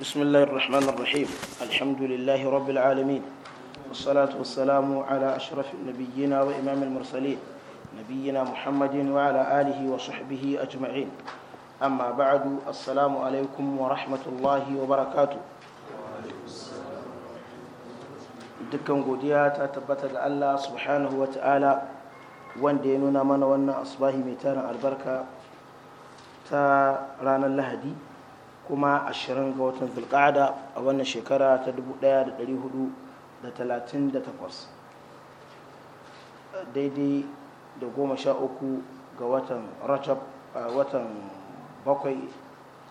بسم الله الرحمن الرحيم الحمد لله رب العالمين والصلاة والسلام على أشرف نبينا وإمام المرسلين نبينا محمد وعلى آله وصحبه أجمعين أما بعد السلام عليكم ورحمة الله وبركاته dukkan godiya ta tabbata ga Allah subhanahu wa ta'ala wanda ya nuna mana wannan asbahi mai tarin albarka ta ranar lahadi kuma 20 ga watan zulqa'ada a wannan shekara ta 1438 daidai da goma sha uku ga watan rajab a watan bakwai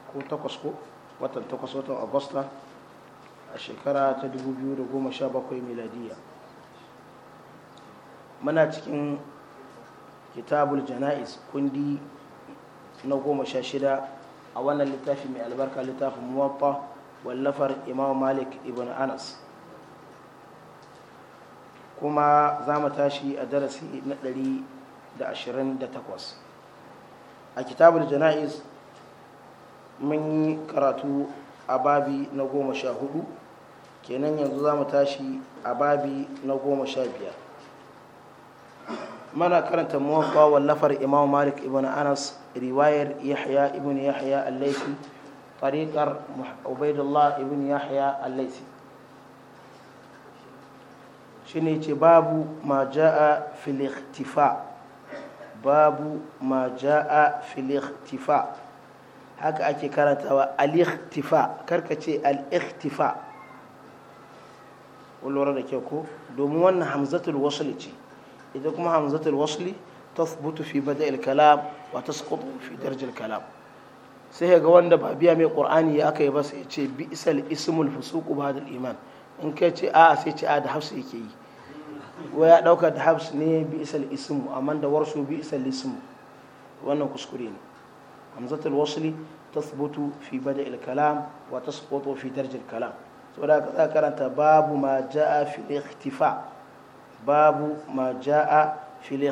ko takwas ko watan takwas watan agusta a shekara ta 2017 miladiya muna cikin kitabul jana'iz kundi na goma sha shida a wannan littafi mai albarka littafin muwaffa wallafar imam malik ibn anas kuma za mu tashi a darasi na takwas a kitabul jana'iz mun yi karatu a babi na goma sha hudu kenan yanzu za mu tashi a babi na goma sha biyar mana karanta muwaffa wallafar imam malik ibn anas riwayar yahya ibn yahya al-laifi tariqar ubaidullah ibn yahya al-laifi shine yace babu ma ja'a fil ikhtifa babu ma ja'a fil ikhtifa haka ake karantawa al-ikhtifa karka al-ikhtifa da ke ko domin wannan hamzatul wasl ce Idan kuma hamzatul wasli tathbutu fi bada'il kalam wa tasqutu fi darjil kalam sai ga wanda ba biya mai ƙur'ani ya aka yi ba sai ya ce bi isal ismul fusuqu ba'da iman in kai a'a sai ce a da hafsu yake yi wa ya ɗauka da hafsu ne bi isal ismu amma da warsu bi isal wannan kuskure ne hamzatul wasli tathbutu fi bada'il kalam wa tasqutu fi darjil kalam saboda ka karanta babu ma ja'a fi ikhtifa' babu ma ja'a fil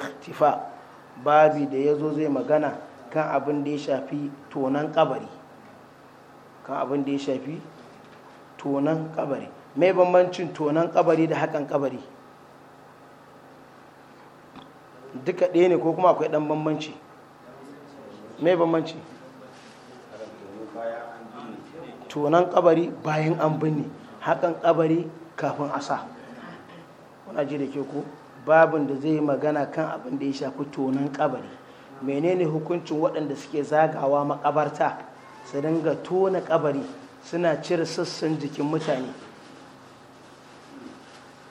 babi da zo zai magana kan abin da ya shafi tonan kabari kan abin da ya shafi tonan kabari mai bambancin tonan kabari da hakan kabari duka ɗaya ne ko kuma akwai ɗan bambanci mai bambanci tonan kabari bayan an binne hakan kabari kafin a sa kuna ji da ke ku babin da zai magana kan abin da ya shafi tonin kabari menene hukuncin waɗanda suke zagawa makabarta su dinga tona kabari suna cire sassan jikin mutane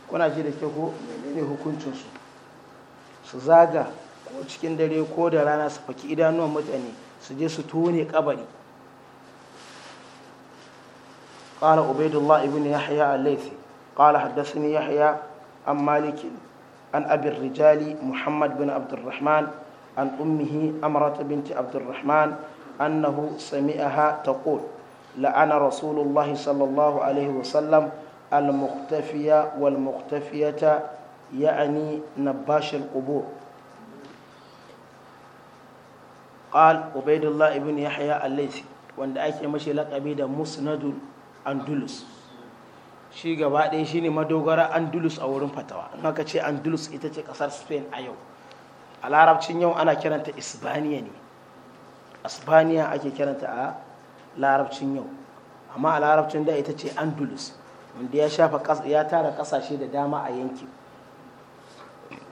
kuna ji da ke ko menene hukuncinsu su zaga ko cikin dare ko da rana su faki idanuwan mutane su je su tone kabari قال عبيد الله بن يحيى الليثي قال حدثني يحيى عن مالك عن أبي الرجال محمد بن عبد الرحمن عن أمه أمرة بنت عبد الرحمن أنه سمعها تقول لعن رسول الله صلى الله عليه وسلم المختفية والمختفية يعني نباش القبور قال عبيد الله بن يحيى الليثي وأن أيك مشي لقبي مسند أندلس shi gaba ɗaya shine madogara Andulus a wurin fatawa in aka ce andalus ita ce ƙasar spain a yau a larabcin yau ana kiranta isbaniya ne isbaniya ake kiranta a larabcin yau amma a larabcin da ita ce andalus wanda ya shafa ya tara ƙasashe da dama a yanki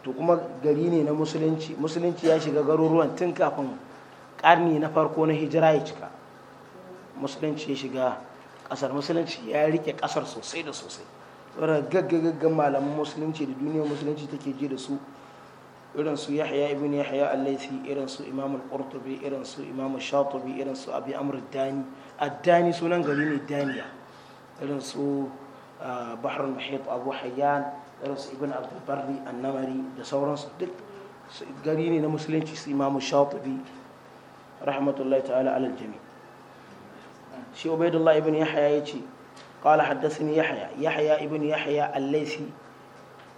to kuma gari ne na musulunci musulunci ya shiga garuruwan tun kafin ƙarni na farko na hijira ya cika musulunci ya shiga kasar musulunci ya rike kasar sosai da sosai saboda gaggagaggan malaman musulunci da duniyar musulunci take je da su irin su yahya ibn yahya al irin su imam al-qurtubi irin su imam shatibi irin su abi amr dani ad-dani sunan gari ne daniya irin su ah, bahr al-muhit abu hayyan irin su ibn abd barri an da sauransu duk gari ne na musulunci su imam shatibi rahmatullahi ta'ala alal jami'a. shi ubaidullah ibn yahya ya ce qala haddathani yahya yahya ibn yahya al laisi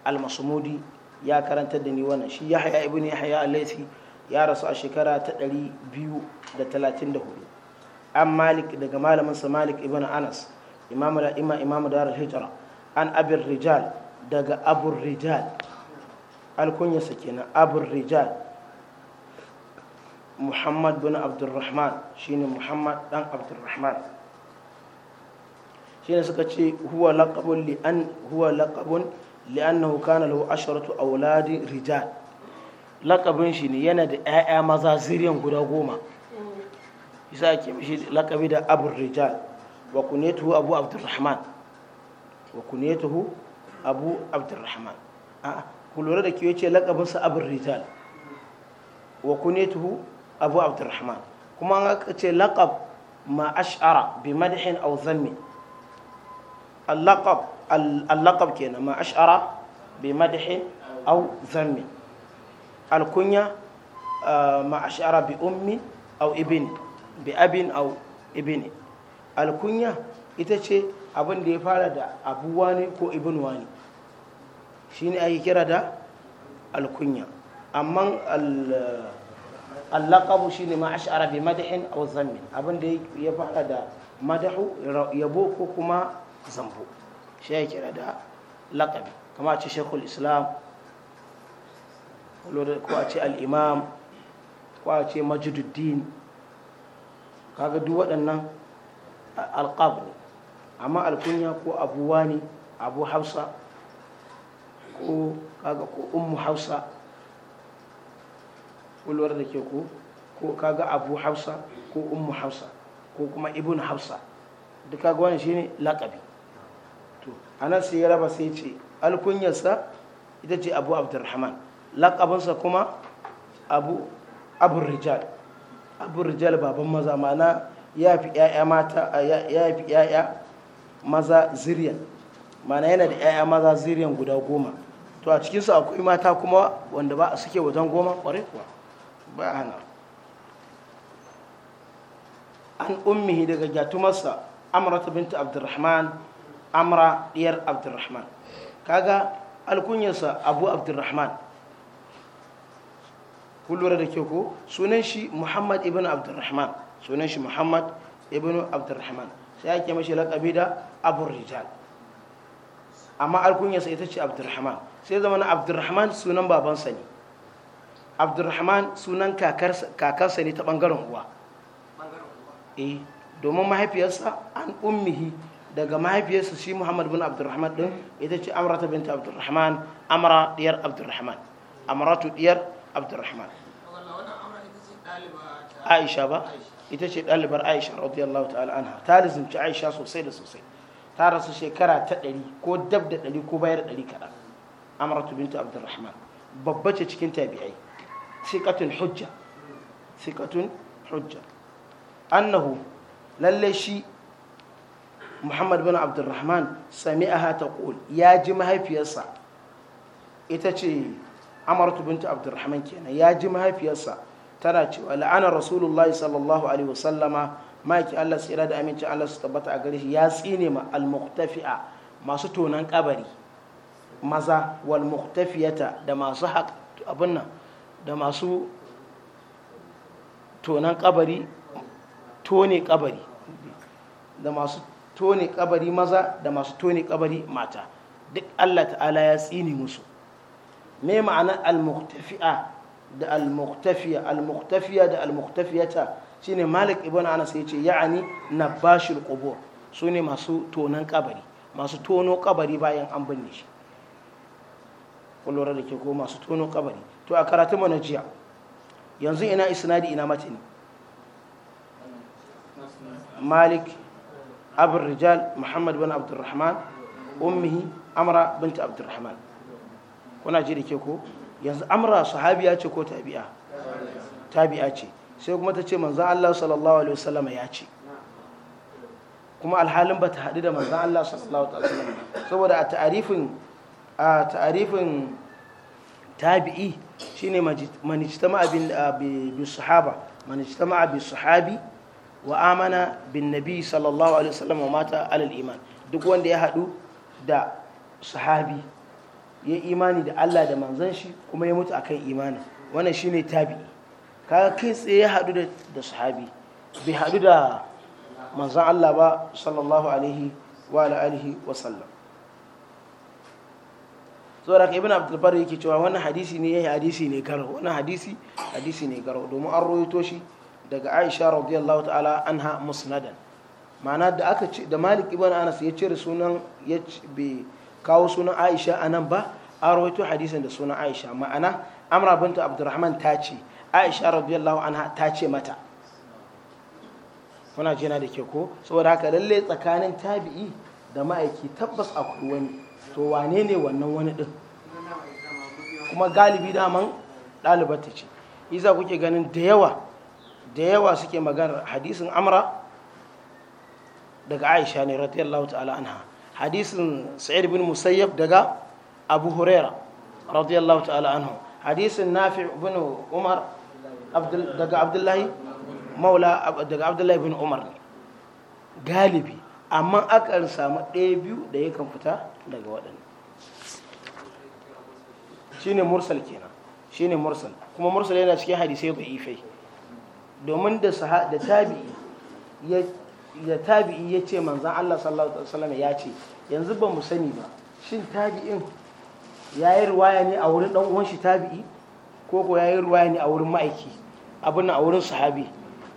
al-masmudi ya karantar da ni wannan shi yahya ibn yahya al laisi ya rasu a shekara ta 234 an malik daga malamin sa malik ibn anas imamu da ima imamu dar hijra an abin rijal daga abur rijal alkunyarsa kenan abur rijal muhammad bin abdurrahman shine muhammad dan abdurrahman shine suka ce huwa laqabun li an huwa laqabun li annahu kana lahu asharatu awladi rijal laqabin shi ne yana da ƴaƴa maza zuriyan guda goma yasa ake mishi laqabi da abu rijal wa kunyatuhu abu abdurrahman wa kunyatuhu abu abdurrahman a'a ku lura da ke yace laqabin sa abu rijal wa kunyatuhu abu abdurrahman kuma an aka ce laqab ma ash'ara bi madhin aw zammi al-laqab al-laqab kenan ma ash'ara bi madhin aw zammi al-kunya eh, ma ash'ara bi ummi aw ibni bi abin aw ibni al-kunya ita ce abin da ya fara da abu wani ko ibn wani shine ake kira da al-kunya amma al allakabu shine ma ash'ara bi madhin aw zammin abin ya fara da madahu yabo ko kuma zambo shi ya kira da lakabi kama a ce shekul islam ko a ce al'imam ko a ce majiduddin kaga duk waɗannan alƙab ne amma alkunya ko abuwa ne abu hausa ko kaga ko ummu hausa ulwar da ke ko ko kaga abu hausa ko ummu hausa ko kuma ibn hausa duk kaga wani shine laƙabi to anan sai ya raba sai ce alkunyarsa ita ce abu abdurrahman Lakabinsa kuma abu rijal abu rijal baban maza mana ya fi ya'ya mata ya fi ya'ya maza ziriyan mana yana da ya'ya maza ziriyan guda goma to a cikinsu akwai mata kuma wanda ba suke wajen goma kwarai kuwa ba hana an ummihi daga gyatumarsa amrata binta abdurrahman amra diyar abdurrahman kaga alkunyarsa abu abdurrahman kun lura da ke ko sunan shi muhammad ibn abdurrahman sunan shi muhammad ibn abdurrahman sai ake mashi laƙabi da abu rijal amma alkunyarsa ita ce abdurrahman sai zama na abdurrahman sunan babansa ne Abdulrahman sunan kakarsa ne ta ɓangaren uwa eh domin mahaifiyarsa an ummihi daga mahaifiyarsa shi muhammad bin Abdulrahman din ita ce amrata binta Abdulrahman amra diyar Abdulrahman amratu diyar Abdulrahman. aisha ba ita ce ɗalibar aisha radiyallahu ta'ala anha ta lizimci aisha sosai da sosai ta rasu shekara ta ɗari ko dab da ɗari ko bayar da ɗari kaɗan amratu binta Abdulrahman babba ce cikin tabi'ai thiqatun hujja thiqatun hujja annahu lalle shi Muhammad bin Abdurrahman sami'aha taqul ya ji mahaifiyarsa ita ce Amartu bintu Abdurrahman kenan ya ji mahaifiyarsa tana cewa la'ana Rasulullahi sallallahu alaihi wasallama maki Allah tsira da amincin Allah su tabbata a gare shi ya tsine ma al-muqtafi'a masu tonan kabari maza wal muqtafiyata da masu abin nan da masu tonan kabari tone kabari da masu tone kabari maza da masu tone kabari mata duk Allah ta'ala ya tsini musu me ma'anar al-muqtafi'a da al-muqtafiya al-muqtafiya da al-muqtafiyata shine Malik ibn Anas yace ya'ani nabashul qubur sune masu tonan kabari masu tono kabari bayan an binne shi kullura da ke ko masu tono kabari to a karatun mana jiya yanzu ina isnadi ina matini malik abu rijal muhammad bin abdurrahman ummihi amra binta abdurrahman kuna ji da ke ko yanzu amra sahabiya ce ko tabi'a tabi'a ce sai kuma ta ce manzan allah sallallahu alaihi wasallama ya ce kuma alhalin ba ta haɗu da manzan allah sallallahu alaihi wasallama saboda a ta'arifin a ta'arifin tabi'i shine man ijtama'a ah, bi sahaba man bi sahabi wa amana bin nabi sallallahu alaihi wasallam wa mata alal iman duk wanda ya hadu da sahabi ya imani da Allah da manzon shi kuma ya mutu akan imani wannan shine tabi'i kaga kai tsaye ya hadu da sahabi bai hadu da manzon Allah ba sallallahu alaihi wa alihi wa sallam saboda ka ibn abdul bar yake cewa wannan hadisi ne yayi hadisi ne karo wannan hadisi hadisi ne karo domin an rawaito shi daga aisha radiyallahu ta'ala anha musnadan ma'ana da aka ce da malik ibn anas ya cire sunan ya bai kawo sunan aisha anan ba an rawaito hadisin da sunan aisha ma'ana amra bintu abdurrahman ta ce aisha radiyallahu anha ta ce mata kuna jina da ke ko saboda haka lalle tsakanin tabi'i da ma'aiki tabbas akwai wani to wane ne wannan wani din kuma galibi daman ɗalibata ce iza kuke ganin da yawa da yawa suke maganar hadisin amra daga aisha ne radiyallahu ta'ala anha hadisin sa'id bin musayyab daga abu huraira radiyallahu ta'ala anhu hadisin nafi bin umar daga abdullahi maula daga abdullahi bin umar ne galibi amma akan samu ɗaya biyu da kan fita daga shi shine mursal kenan shine mursal kuma mursal yana cikin hadisai ifai domin da tabi'i ya da tabi'i ya ce manzan Allah sallallahu alaihi wasallam ya ce yanzu ba mu sani ba shin tabi'in ya yi ruwaya ne a wurin dan uwan shi tabi'i ko ko ya yi ruwaya ne a wurin ma'aiki abin a wurin sahabi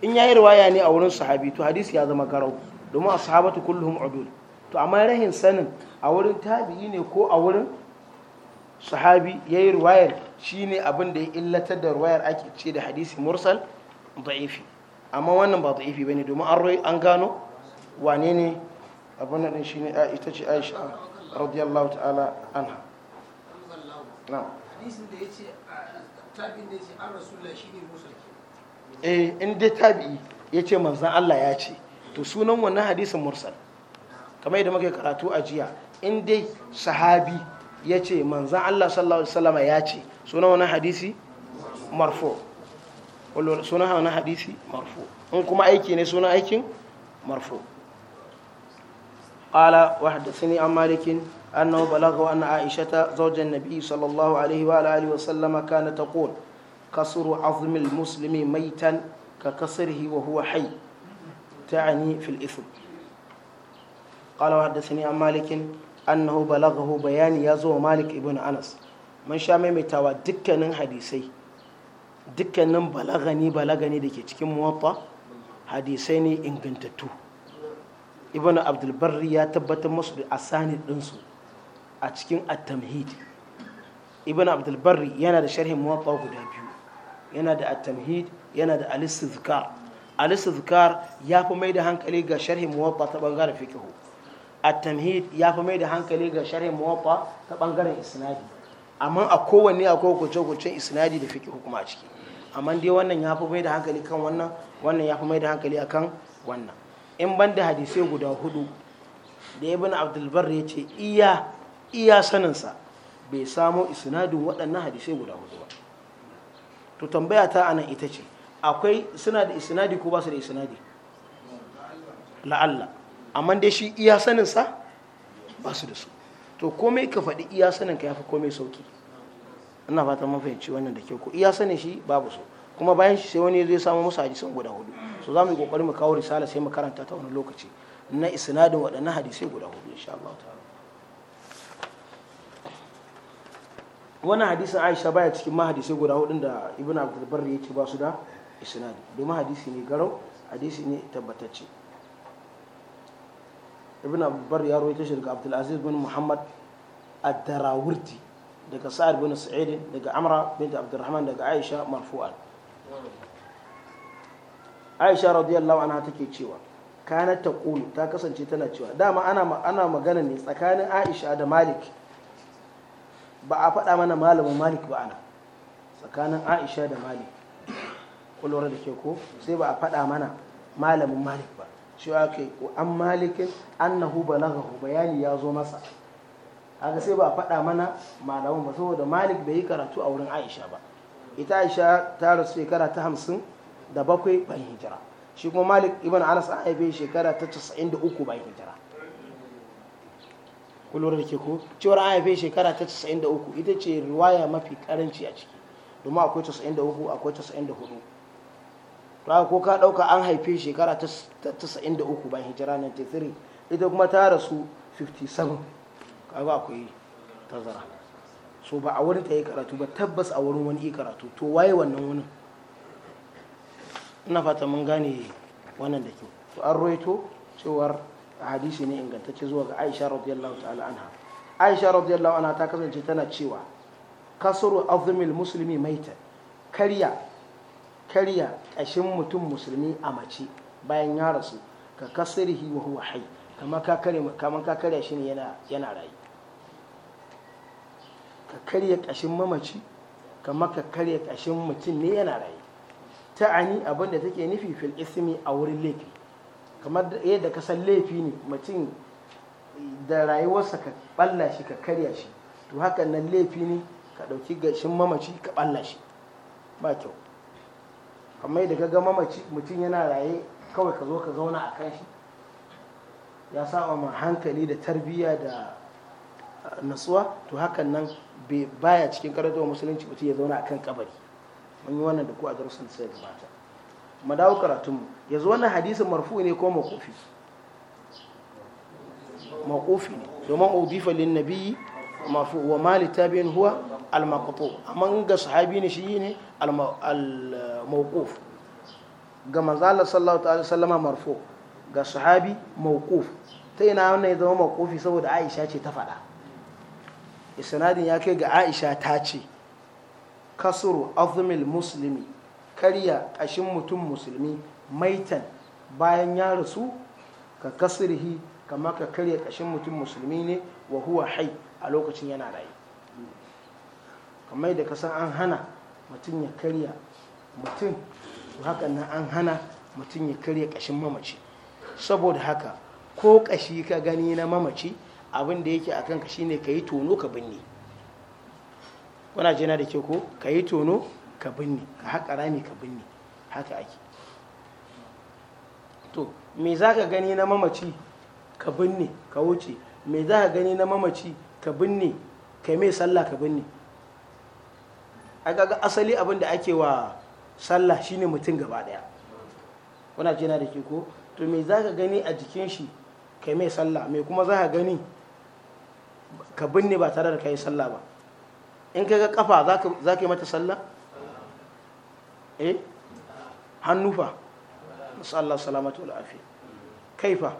in ya yi ruwaya ne a wurin sahabi to hadisi ya zama garau domin ashabatu kulluhum udul to amma rahin sanin a wurin tabi'i ne ko a wurin sahabi ya yi ruwayar shi ne abin da ya illatar da ruwayar ake ce da hadisi mursal da'ifi amma wannan ba da'ifi ba ne domin an roi an gano wane ne abin nan shi ne ita ce aisha radiyallahu ta'ala anha hadisin da ya ce tabi'in da ya ce an rasu da shi ne mursal eh inda tabi'i ya ce manzan Allah ya ce to sunan wannan hadisin mursal kamar yadda muka karatu a jiya in dai sahabi ya ce manzan Allah sallallahu alaihi wasallama ya ce suna wani hadisi marfo suna wani hadisi marfo in kuma aiki ne suna aikin marfo قال وحدثني عن مالك أنه بلغه أن عائشة زوج النبي صلى الله عليه annahu balaghahu bayani ya zo wa malik ibn anas man sha maimaitawa dukkanin hadisai dukkanin balagani balagani da ke cikin muwatta hadisai ne ingantattu ibn abdulbarri ya tabbatar musu da asani ɗinsu a cikin at-tamhid ibn abdulbarri yana da sharhin muwatta guda biyu yana da at-tamhid yana da al-istizkar al-istizkar ya fi mai da hankali ga sharhin muwatta ta bangaren fiqh at-tamhid ya fi mai da hankali ga sharhin muwaffa ta bangaren isnadi amma a kowanne akwai kuce kuce isnadi da fiqh hukuma a ciki amma dai wannan ya fi mai da hankali kan wannan wannan ya fi mai da hankali akan wannan in ban da hadisai guda hudu da ibn abdulbar ya ce iya iya saninsa bai samo isnadin waɗannan hadisai guda hudu ba to tambaya ta anan ita ce akwai suna da isnadi ko ba su da isnadi la'alla amma dai shi iya saninsa ba su da su to komai ka faɗi iya sanin ka ya fi komai sauki ina fatan mafahimci wannan da kyau ko iya sanin shi babu su kuma bayan shi sai wani zai samu musu sun guda hudu so za mu yi kokari mu kawo risala sai mu karanta ta wani lokaci na isnadin waɗannan hadisai guda hudu insha Allah ta'ala wannan hadisin Aisha baya cikin ma hadisai guda hudu da Ibn Abdul Barri yake ba su da isnadi domin hadisi ne garau hadisi ne tabbatacce ibn abbar ya rawaito shi daga abdulaziz bin muhammad ad-darawurti daga sa'ad bin sa'id daga amra bint abdurrahman daga aisha marfu'an aisha radiyallahu anha take cewa kana ta ƙulu ta kasance tana cewa dama ana magana ne tsakanin aisha da malik ba a faɗa mana malamin malik ba ana tsakanin aisha da malik ƙulwar da ke ko sai ba a faɗa mana malamin malik ba shi ake an malikin annahu balaghahu bayani ya zo masa haka sai ba faɗa mana malamun ba saboda malik bai yi karatu a wurin aisha ba ita aisha ta rasu shekara ta hamsin da bakwai bayan hijira shi kuma malik ibn anas an haife shekara ta casa'in da uku bayan hijira kullum da ke ko cewar an haife shekara ta casa'in da uku ita ce riwaya mafi karanci a ciki domin akwai casa'in da uku akwai casa'in da hudu ra'ayi ko ka dauka an haife shekara ta 93 bayan hijira 93 ita kuma ta rasu 57 ka kaga akwai tazara so ba a wurin ta yi karatu ba tabbas a wurin wani yi karatu to waye wannan wani ina fata mun gane wannan da ke to an roito cewar hadisi ne ingantacce zuwa ga aisha radiyallahu ta'ala anha aisha radiyallahu anha ta kasance tana cewa kasuru azumil muslimi maita karya karya ƙashin mutum musulmi a mace bayan ya rasu ka kasirhi wa huwa hai kamar ka karya shi ne yana rayu ka karya ƙashin mamaci kamar ka karya ƙashin mutum ne yana rayu ta'ani abin da take nufi fil ismi a wurin laifi kamar yadda ka san laifi ne mutum da rayuwarsa ka balla shi ka karya shi to hakan nan laifi ne ka ɗauki gashin mamaci ka balla shi ba kyau amma da ga mamaci mutum yana raye kawai ka zo ka zauna a kan shi ya sa ma hankali da tarbiyya da nasuwa to hakan nan baya cikin karatuwa musulunci mutum ya zauna a kan kabari mun yi wannan da ku a darussan da sai gabata mu dawo karatunmu yanzu wannan hadisin marfu ne ko makofi makofi ne domin udifa lin mafu wa mali tabi'in huwa al amma ga sahabi ne shi ne al ga manzo sallallahu ta'ala sallama marfo ga sahabi mawquf ta ina wannan ya zama makufi saboda Aisha ce ta faɗa isnadin ya kai ga Aisha ta ce kasru azmil musulmi karya kashin mutum musulmi maitan bayan ya rasu ka kasrihi kamar ka karya kashin mutum musulmi ne wa huwa hai a lokacin yana rayu kamar da kasan an hana mutum ya karya mutum haka nan an hana mutum ya karya kashin mamaci saboda haka ko kashi ka gani na mamaci abin da yake akan ka shine ka yi tono ka binne kuna jina da ke ko ka yi tono ka binne ka haƙa rami ka binne haka ake to me za ka gani na mamaci ka binne ka wuce me za ka gani na mamaci ka binne ka yi mai sallah ka binne a kaga asali abin da ake wa sallah shine mutum gaba daya kuna jina da ke ko to me za ka gani a jikin shi kai mai sallah me kuma za ka gani ka binne ba tare da kai sallah ba in ka ga kafa za ka yi mata sallah eh hannu fa sallah salamatu al'afi kai fa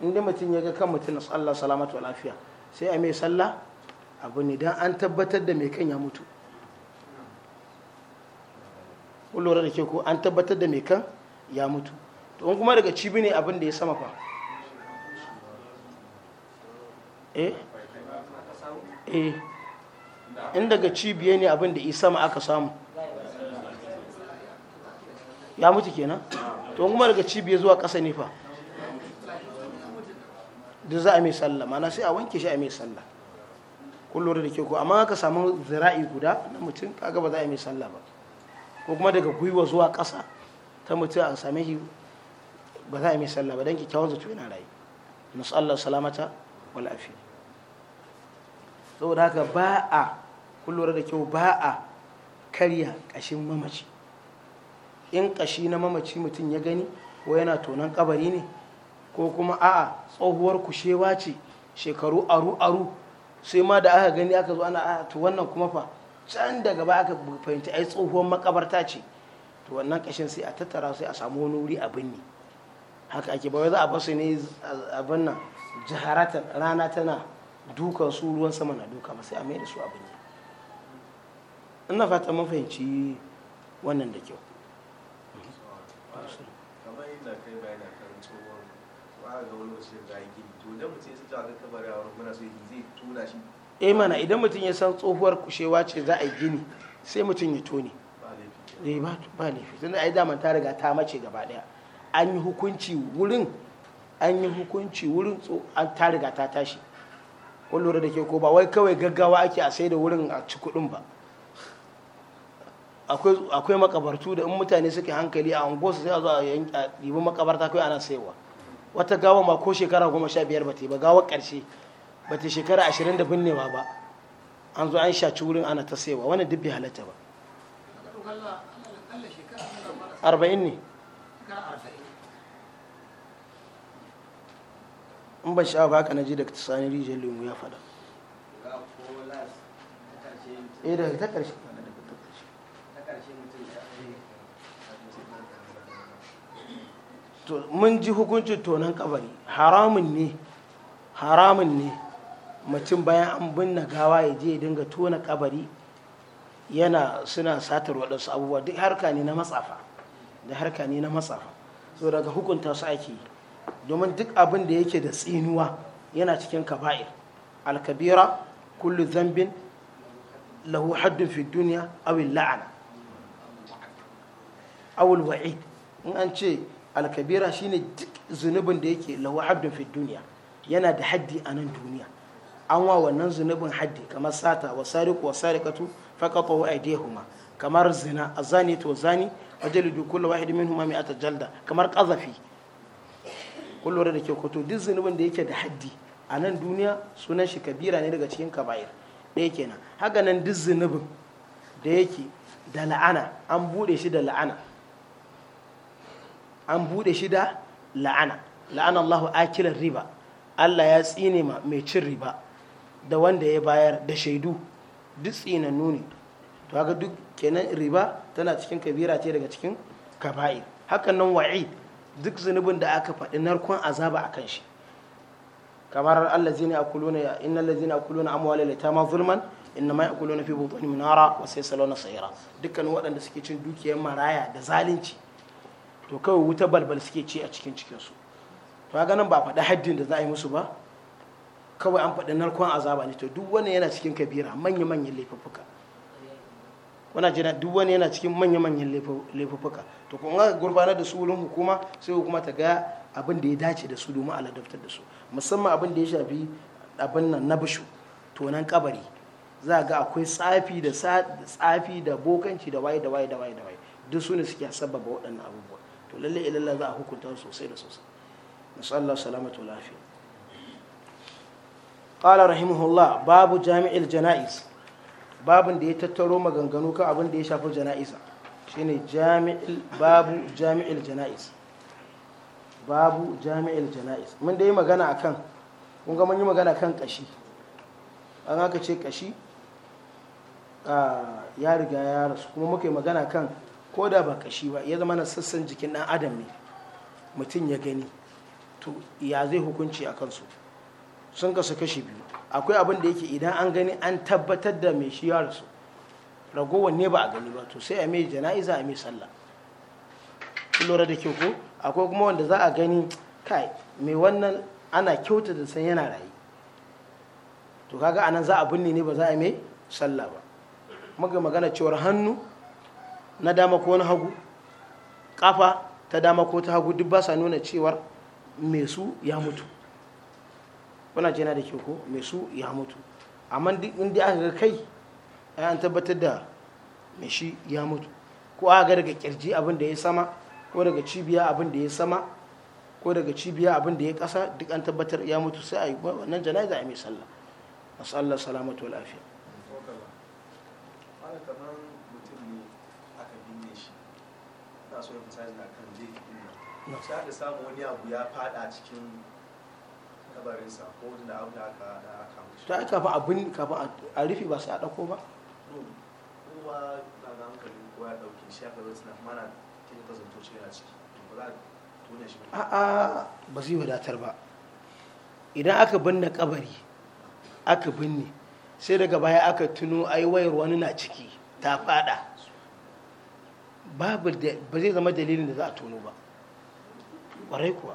inda mutum ya ga kan mutum sallah salamatu al'afiya sai a mai sallah abu ne don an tabbatar da mai kan ya mutu kun lura da ke ko an tabbatar da mai kan ya mutu to in kuma daga cibi ne abin da ya sama fa eh eh in daga cibiye ne abin da ya sama aka samu ya mutu kenan to kuma daga cibiye zuwa ƙasa ne fa duk za a mai sallah mana sai a wanke shi a mai sallah kullum da ke ko amma aka samu zira'i guda na mutum kaga ba za a yi mai sallah ba ko kuma daga gwiwa zuwa ƙasa ta mutum a same shi ba za a yi mai sallah ba don kyakkyawan zato yana rayu nasu Allah salamata wal afi saboda haka ba a kullum da kyau ba a karya ƙashin mamaci in ƙashi na mamaci mutum ya gani ko yana tonon kabari ne ko kuma a'a tsohuwar kushewa ce shekaru aru aru sai ma da aka gani aka zo ana a ah, to wannan kuma fa can da gaba aka fahimci ai tsohuwar makabarta ce to wannan kashin sai a tattara sai a samu wani wuri a binne haka ake bawai za a basu ne abin nan jiharatan rana tana dukan su ruwan sama na duka ba sai a mai da su a binne ina fata mun fahimci wannan da kyau e idan mutum ya san eh mana idan mutum ya san tsohuwar kushewa ce za a yi gini sai mutum ya tone ba eh, ba laifi da a yi ta daga ta mace gaba daya an yi hukunci wurin an yi hukunci wurin an ta riga ta tashi kun lura da ke ko ba wai kawai gaggawa ake a sai da wurin a ci kudin ba akwai makabartu da in mutane suke hankali a unguwarsu sai a zo a ɗibi makabarta kai ana saiwa wata gawa ma ko shekara goma sha biyar ba ta yi ba gawa ƙarshe ba ta shekara ashirin da binnewa ba an zo an shaci wurin ana ta saiwa wani duk bai halatta ba arba'in ne in ban sha'awa haka na ji da ta sani rijiyar lemu ya faɗa eh daga ta ƙarshe mun ji hukuncin tonon kabari haramun ne haramun ne mutum bayan an binne gawa ya je ya dinga tona kabari yana suna satar waɗansu abubuwa duk harka ne na matsafa da harka ne na matsafa so daga hukunta su ake yi domin duk abin da yake da tsinuwa yana cikin kaba'ir alkabira kullu zambin lahu haddun fi duniya awil la'ana awul wa'id in an ce alkabira shine duk zunubin da yake lawa haddun fi duniya yana da haddi a nan duniya an wa wannan zunubin haddi kamar sata wa sariku wa sariqatu faqatu aydihuma kamar zina azani to zani wajalidu kullu wahidin minhuma mi'ata jalda kamar qazafi kullu da ke kuto duk zunubin da yake da haddi a nan duniya sunan shi kabira ne daga cikin kaba'ir ɗaya kenan haka nan duk zunubin da yake da la'ana an buɗe shi da la'ana an bude shi da la'ana la'ana Allahu akilar riba Allah ya tsine ma mai cin riba da wanda ya bayar da shaidu duk tsinannu ne to haka duk kenan riba tana cikin kabira ce daga cikin kaba'ir hakan nan wa'id duk zunubin da aka faɗi narkon azaba a kan shi kamar allazina yakuluna innal ladzina amuwa amwala ma zulman innama yakuluna fi butunihim nara salo na sayra dukkan waɗanda suke cin dukiyar maraya da zalunci to kawai wuta balbal suke ci a cikin cikinsu to a nan ba faɗi haddin da za a yi musu ba kawai an faɗi narkon azaba ne to duk wani yana cikin kabira manya-manyan laifuffuka wana duk wani yana cikin manya-manyan laifuffuka to kun ga gurbanar da su wurin hukuma sai hukuma ta ga abin da ya dace da su domin aladaftar da su musamman abin da ya shafi abin nan na bishu tonan kabari za ga akwai tsafi da tsafi da bokanci da waye da waye da waye da waye duk su ne suke sababa waɗannan abubuwa to lalle ilalla za a hukunta sosai da sosai nasu Allah salamatu lafiya qala rahimahullah babu jami'il janaiz babin da ya tattaro maganganu kan abin da ya shafi jana'iza shi ne babu jami'il janaiz babu jami'il jana'is mun da yi magana akan kun ga yi magana kan kashi an haka ce kashi ah, ya riga ya rasu kuma muka yi magana kan ko da ba kashi ba ya zama na sassan jikin ɗan adam ne mutum ya gani to ya zai hukunci a kansu sun kasu kashi biyu akwai abin da yake idan an gani an tabbatar da mai shi ya ragowar ne ba a gani ba to sai a mai jana'iza a mai sallah kun lura da kyau ko akwai kuma wanda za a gani kai mai wannan ana kyauta da san yana rayu to kaga anan za a binne ne ba za a mai sallah ba muka magana cewar hannu na dama ko na hagu kafa ta dama ko ta hagu duk ba sa nuna cewar mai su ya mutu wana jina da ke ko mai su ya mutu amma inda aka ga kai an tabbatar da mai shi ya mutu ko aka ga daga kirji abin da ya sama ko daga cibiya abin da ya sama ko daga cibiya abin da ya kasa duk an tabbatar ya mutu sai a yi wannan jana'iza a mai sallah masu Allah salamatu wal afiya. ya fada cikin kabarinsa a'a ba zai wadatar ba idan aka binne kabari aka binne sai daga baya aka tuno ai wayar wani na ciki ta fada babu ba zai zama dalilin da za a tono ba ƙwarai kuwa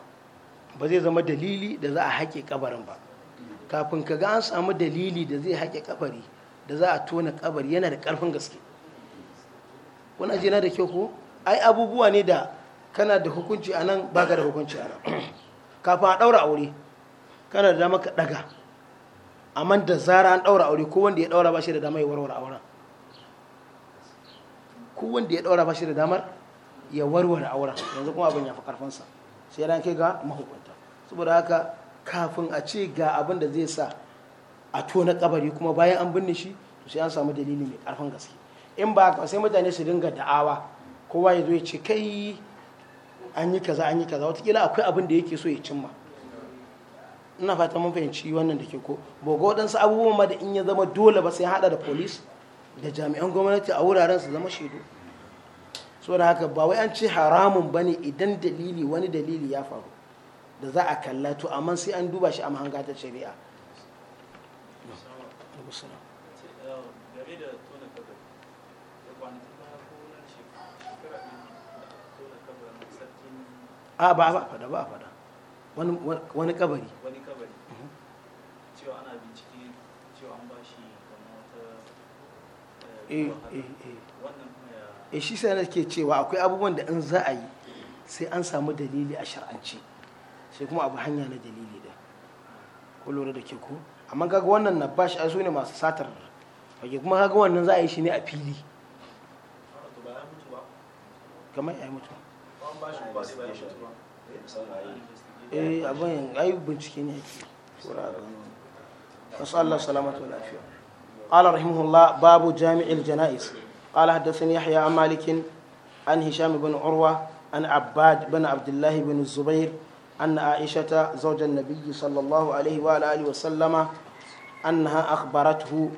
ba zai zama dalili da za a haƙe kabarin ba kafin ka ga an samu dalili da zai haƙe kabari da za a tona kabari yana da ƙarfin gaske wani jina da kyau ko ai abubuwa ne da kana da hukunci a nan ba ka da hukunci a nan kafin a ɗaura aure kana da dama ka ɗaga amma da zara an ɗaura aure ko wanda ya ɗaura ba shi da dama ya warware auren ko wanda ya daura ba da damar ya warware auren yanzu kuma abin ya fi karfinsa sai ran kai ga mahukunta saboda haka kafin a ce ga abin da zai sa a tona kabari kuma bayan an binne shi to sai an samu dalili mai karfin gaske in ba ka sai mutane su dinga da'awa kowa ya zo ya ce kai an yi kaza an yi kaza watakila akwai abin da yake so ya cimma ina fata mun fahimci wannan da ke ko boga waɗansu abubuwan ma da in ya zama dole ba sai haɗa da police da jami'an gwamnati a wuraren su zama shaidu saboda haka ba wai an ce haramun ba ne idan dalili wani dalili ya faru da za a kalla to amma sai an duba shi a mahanga ta shari'a a ba a fada ba a fada wani kabari Eh, eh, eh. eh shi sai ke cewa akwai abubuwan da in za a yi sai an samu dalili a shar'ance sai kuma abu hanya na dalili da ku lura da ke ko amma kaga wannan na bashi a su ne masu satar fage kuma kaga wannan za a yi shi ne a fili kamar ya mutu eh abin ai bincike ne yake tsura ga wasu Allah salamatu wa lafiya قال رحمه الله باب جامع الجنائز قال حدثني يحيى عن مالك عن هشام بن عروة عن عباد بن عبد الله بن الزبير أن عائشة زوج النبي صلى الله عليه وآله وسلم أنها أخبرته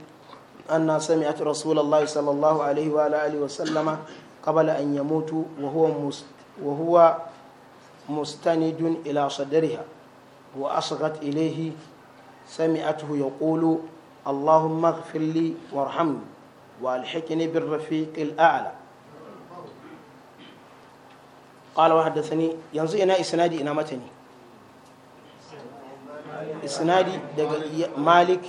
أنها سمعت رسول الله صلى الله عليه وآله وسلم قبل أن يموت وهو مست وهو مستند إلى صدرها وأصغت إليه سمعته يقول اللهم اغفر لي وارحمني والحقني بالرفيق الاعلى قال وحدثني ينزل انا اسنادي انا متني اسنادي مالك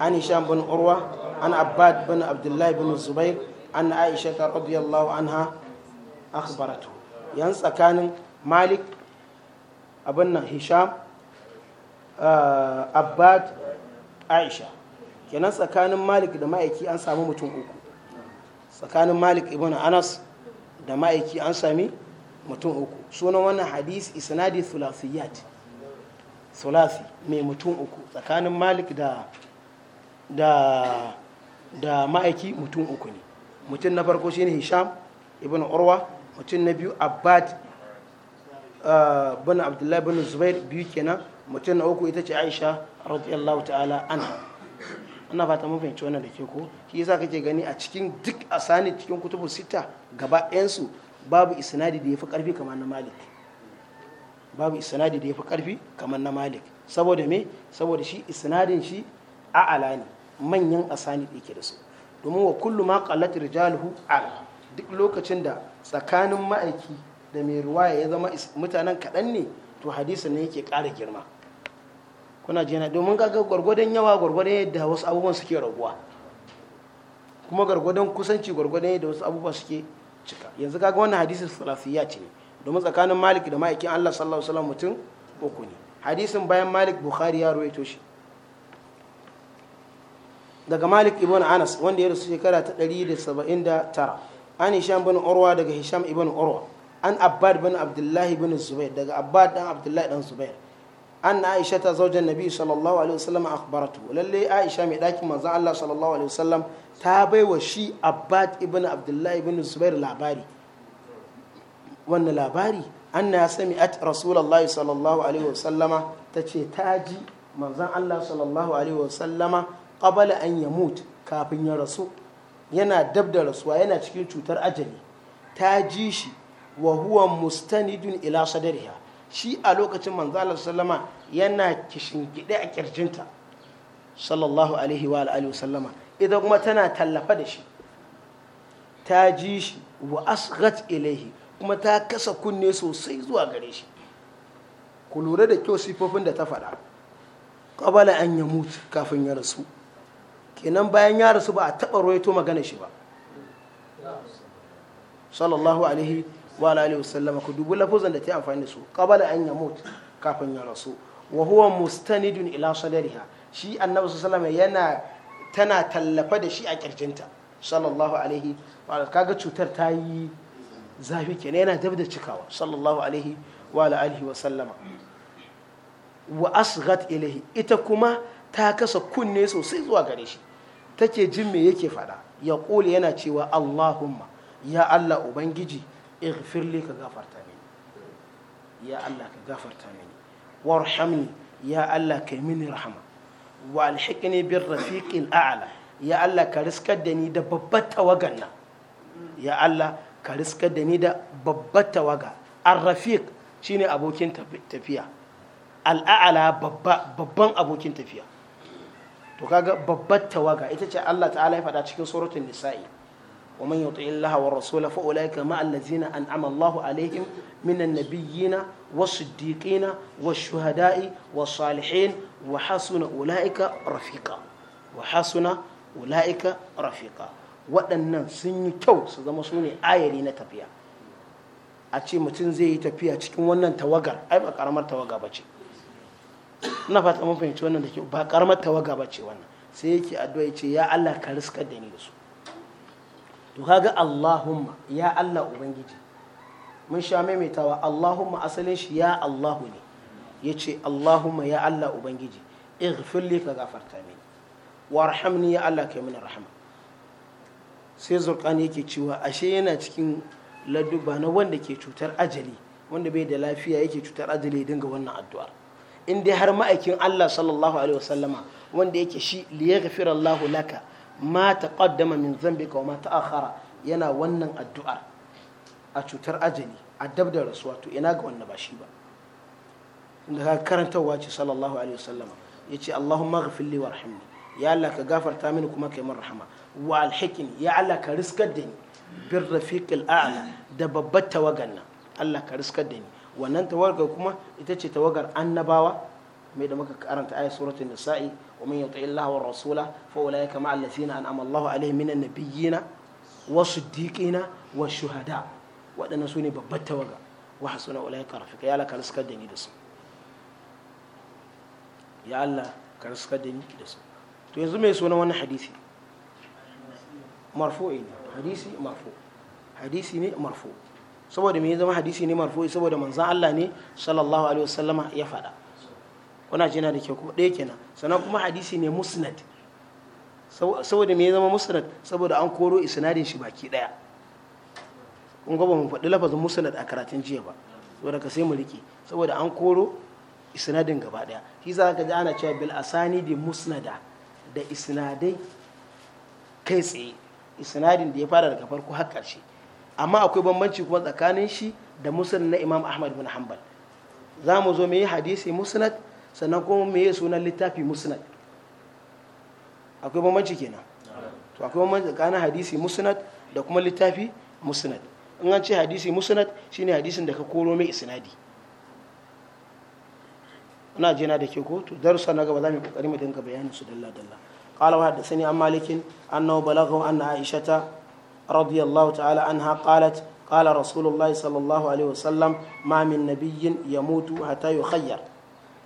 عن هشام بن عروه عن عباد بن عبد الله بن الزبير عن عائشه رضي الله عنها اخبرته ينسى كان مالك ابن هشام آه عباد عائشه kenan tsakanin malik da ma'aiki an sami mutum uku tsakanin malik ibn anas da ma'aiki an sami mutum uku sunan wannan hadis isnadi sulasiyat sulasi mai mutum uku tsakanin malik da da da ma'aiki mutum uku ne mutum na farko shine hisham ibn urwa mutum na biyu abbad uh, bin abdullahi bin zubair biyu kenan mutum na uku ita ce aisha radiyallahu ta'ala anha ana fata mun fahimci wannan da ke ko shi yasa kake gani a cikin duk asani cikin kutubu sita gaba ɗayansu babu isnadi da yafi karfi kamar na malik babu isnadi da fi karfi kamar na malik saboda me saboda shi isnadin shi a alani manyan asani da yake da su domin wa kullu ma qallat rijaluhu ala duk lokacin da tsakanin ma'aiki da mai ruwa ya zama mutanen kaɗan ne to hadisin ne yake ƙara girma kuna jina domin kaga gwargwadon yawa gwargwadon yadda wasu abubuwan suke raguwa kuma gwargwadon kusanci gwargwadon yadda wasu abubuwa suke cika yanzu kaga wannan hadisin salafiyya ce ne domin tsakanin malik da ma'aikin allah sallallahu alaihi wasallam mutum uku ne hadisin bayan malik bukhari ya ruwaito shi daga malik ibn anas wanda ya rasu shekara ta 179 an hisham bin urwa daga hisham ibn urwa an abbad bin abdullahi bin zubair daga abbad dan abdullahi dan zubair أن عائشة زوج النبي صلى الله عليه وسلم أخبرته للي عائشة مداكي من زعل الله صلى الله عليه وسلم تابي وشي أباد ابن عبد الله ابن الزبير لاباري وأن لاباري أنها سمعت رسول الله صلى الله عليه وسلم تشي تاجي من زعل الله صلى الله عليه وسلم قبل أن يموت كابن يا رسول yana dab da rasuwa yana cikin cutar ajali ta ji shi wa huwa mustanidun ila sadariha shi a lokacin manzala sallama yana kishingide a kirjinta sallallahu alaihi wa alihi sallama ita kuma tana tallafa da shi ta ji shi wa asghat ilaihi kuma ta kasa kunne sosai zuwa gare shi ku lura da kyau sifofin da ta faɗa qabala an ya mutu kafin ya rasu kenan bayan ya rasu ba a taɓa to magana shi ba sallallahu alaihi wa alihi ku dubi lafuzan da ta amfani da su qabala an yamut kafin ya rasu wa huwa mustanidun ila sadariha shi annabi sallallahu alaihi yana tana tallafa da shi a kirjinta sallallahu alaihi wa kaga cutar ta yi zafi kenan yana dab da cikawa sallallahu alaihi wa alihi wa wa asghat ilaihi ita kuma ta kasa kunne sosai zuwa gare shi take jin me yake fada ya kula yana cewa allahumma ya allah ubangiji اغفر لي كغفرت مني يا الله كغفرت مني وارحمني يا الله كمني رحمة والحقني بالرفيق الأعلى يا الله كرسك دني دا ببتا وغنا يا الله كرسك دني دا ببتا وغا الرفيق شيني أبوكين تفيا الأعلى ببا ببان أبوكين تفيا to kaga babbar tawaga ita ce Allah ta'ala ya faɗa cikin suratul nisa'i ومن يطع الله والرسول فأولئك مع الذين أنعم الله عليهم من النبيين والصديقين والشهداء والصالحين وحسن أولئك رفيقا وحسن أولئك رفيقا waɗannan sun yi kyau su zama su ne ayari na tafiya a ce mutum zai yi tafiya cikin wannan tawagar ai ba karamar tawaga ba ce ina fata mun fahimci wannan da ke ba karamar tawaga bace. wannan sai yake addu'a ya ce ya Allah ka riskar da ni da su to kaga Allahumma ya Allah ubangiji mun sha maimaitawa Allahumma asalin shi ya Allahu ne yace Allahumma ya Allah ubangiji ighfir li ka gafarta mini warhamni ya Allah kai mini rahama sai zurkani yake cewa ashe yana cikin laduba na wanda ke cutar ajali wanda bai da lafiya yake cutar ajali dinga wannan addu'ar in dai har ma'aikin Allah sallallahu alaihi wasallama wanda yake shi liyaghfirallahu laka ma taqaddama min zambika wa ma ta'akhara yana wannan addu'ar a cutar ajali a dab da rasuwa to ina ga wannan ba shi ba inda ka karantarwa ce sallallahu alaihi wasallama yace Allahumma ghfir li warhamni ya Allah ka gafarta mini kuma kai min rahama wa alhikni ya Allah ka riskar da ni bir rafiqil a'la da babbar tawagan nan Allah ka riskar da ni wannan tawagar kuma ita ce tawagar annabawa mai da muka karanta ayat suratul nisa'i wa man yuti illaha wa rasula fa ulaika ma'al ladzina an'ama Allahu alaihim minan nabiyyina wa diƙina wa shuhada waɗannan su ne babbar tawaga wa hasuna ulai karfika ya Allah ka riskar da ni da su ya Allah ka riskar da ni da su to yanzu mai sunan wannan hadisi marfu'i ne hadisi marfu hadisi ne marfu saboda me ya zama hadisi ne marfu saboda manzan Allah ne sallallahu alaihi wasallama ya faɗa kuna jina da ke kuma ɗaya kenan sannan kuma hadisi ne musnad saboda me ya zama musnad saboda an koro isnadin shi baki ɗaya kun gaba faɗi lafazin musnad a karatun jiya ba saboda ka sai mu rike saboda an koro isnadin gaba ɗaya shi za ka ji ana cewa bil asani da musnada da isnadai kai tsaye isnadin da ya fara daga farko har ƙarshe amma akwai bambanci kuma tsakanin shi da musnad na imam ahmad bin hanbal za mu zo mu yi hadisi musnad sannan kuma me sunan littafi musnad akwai bambanci kenan to akwai bambanci tsakanin hadisi musnad da kuma littafi musnad in an ce hadisi musnad shine hadisin da ka koro mai isnadi ina jina da ke ko to darussa na gaba za mu kokari mu dinga bayanin su dalla dalla qala wa hadathani an malikin annahu balaghahu anna aishata radiyallahu ta'ala anha qalat qala rasulullahi sallallahu alaihi wasallam ma min nabiyyin yamutu hatta yukhayyar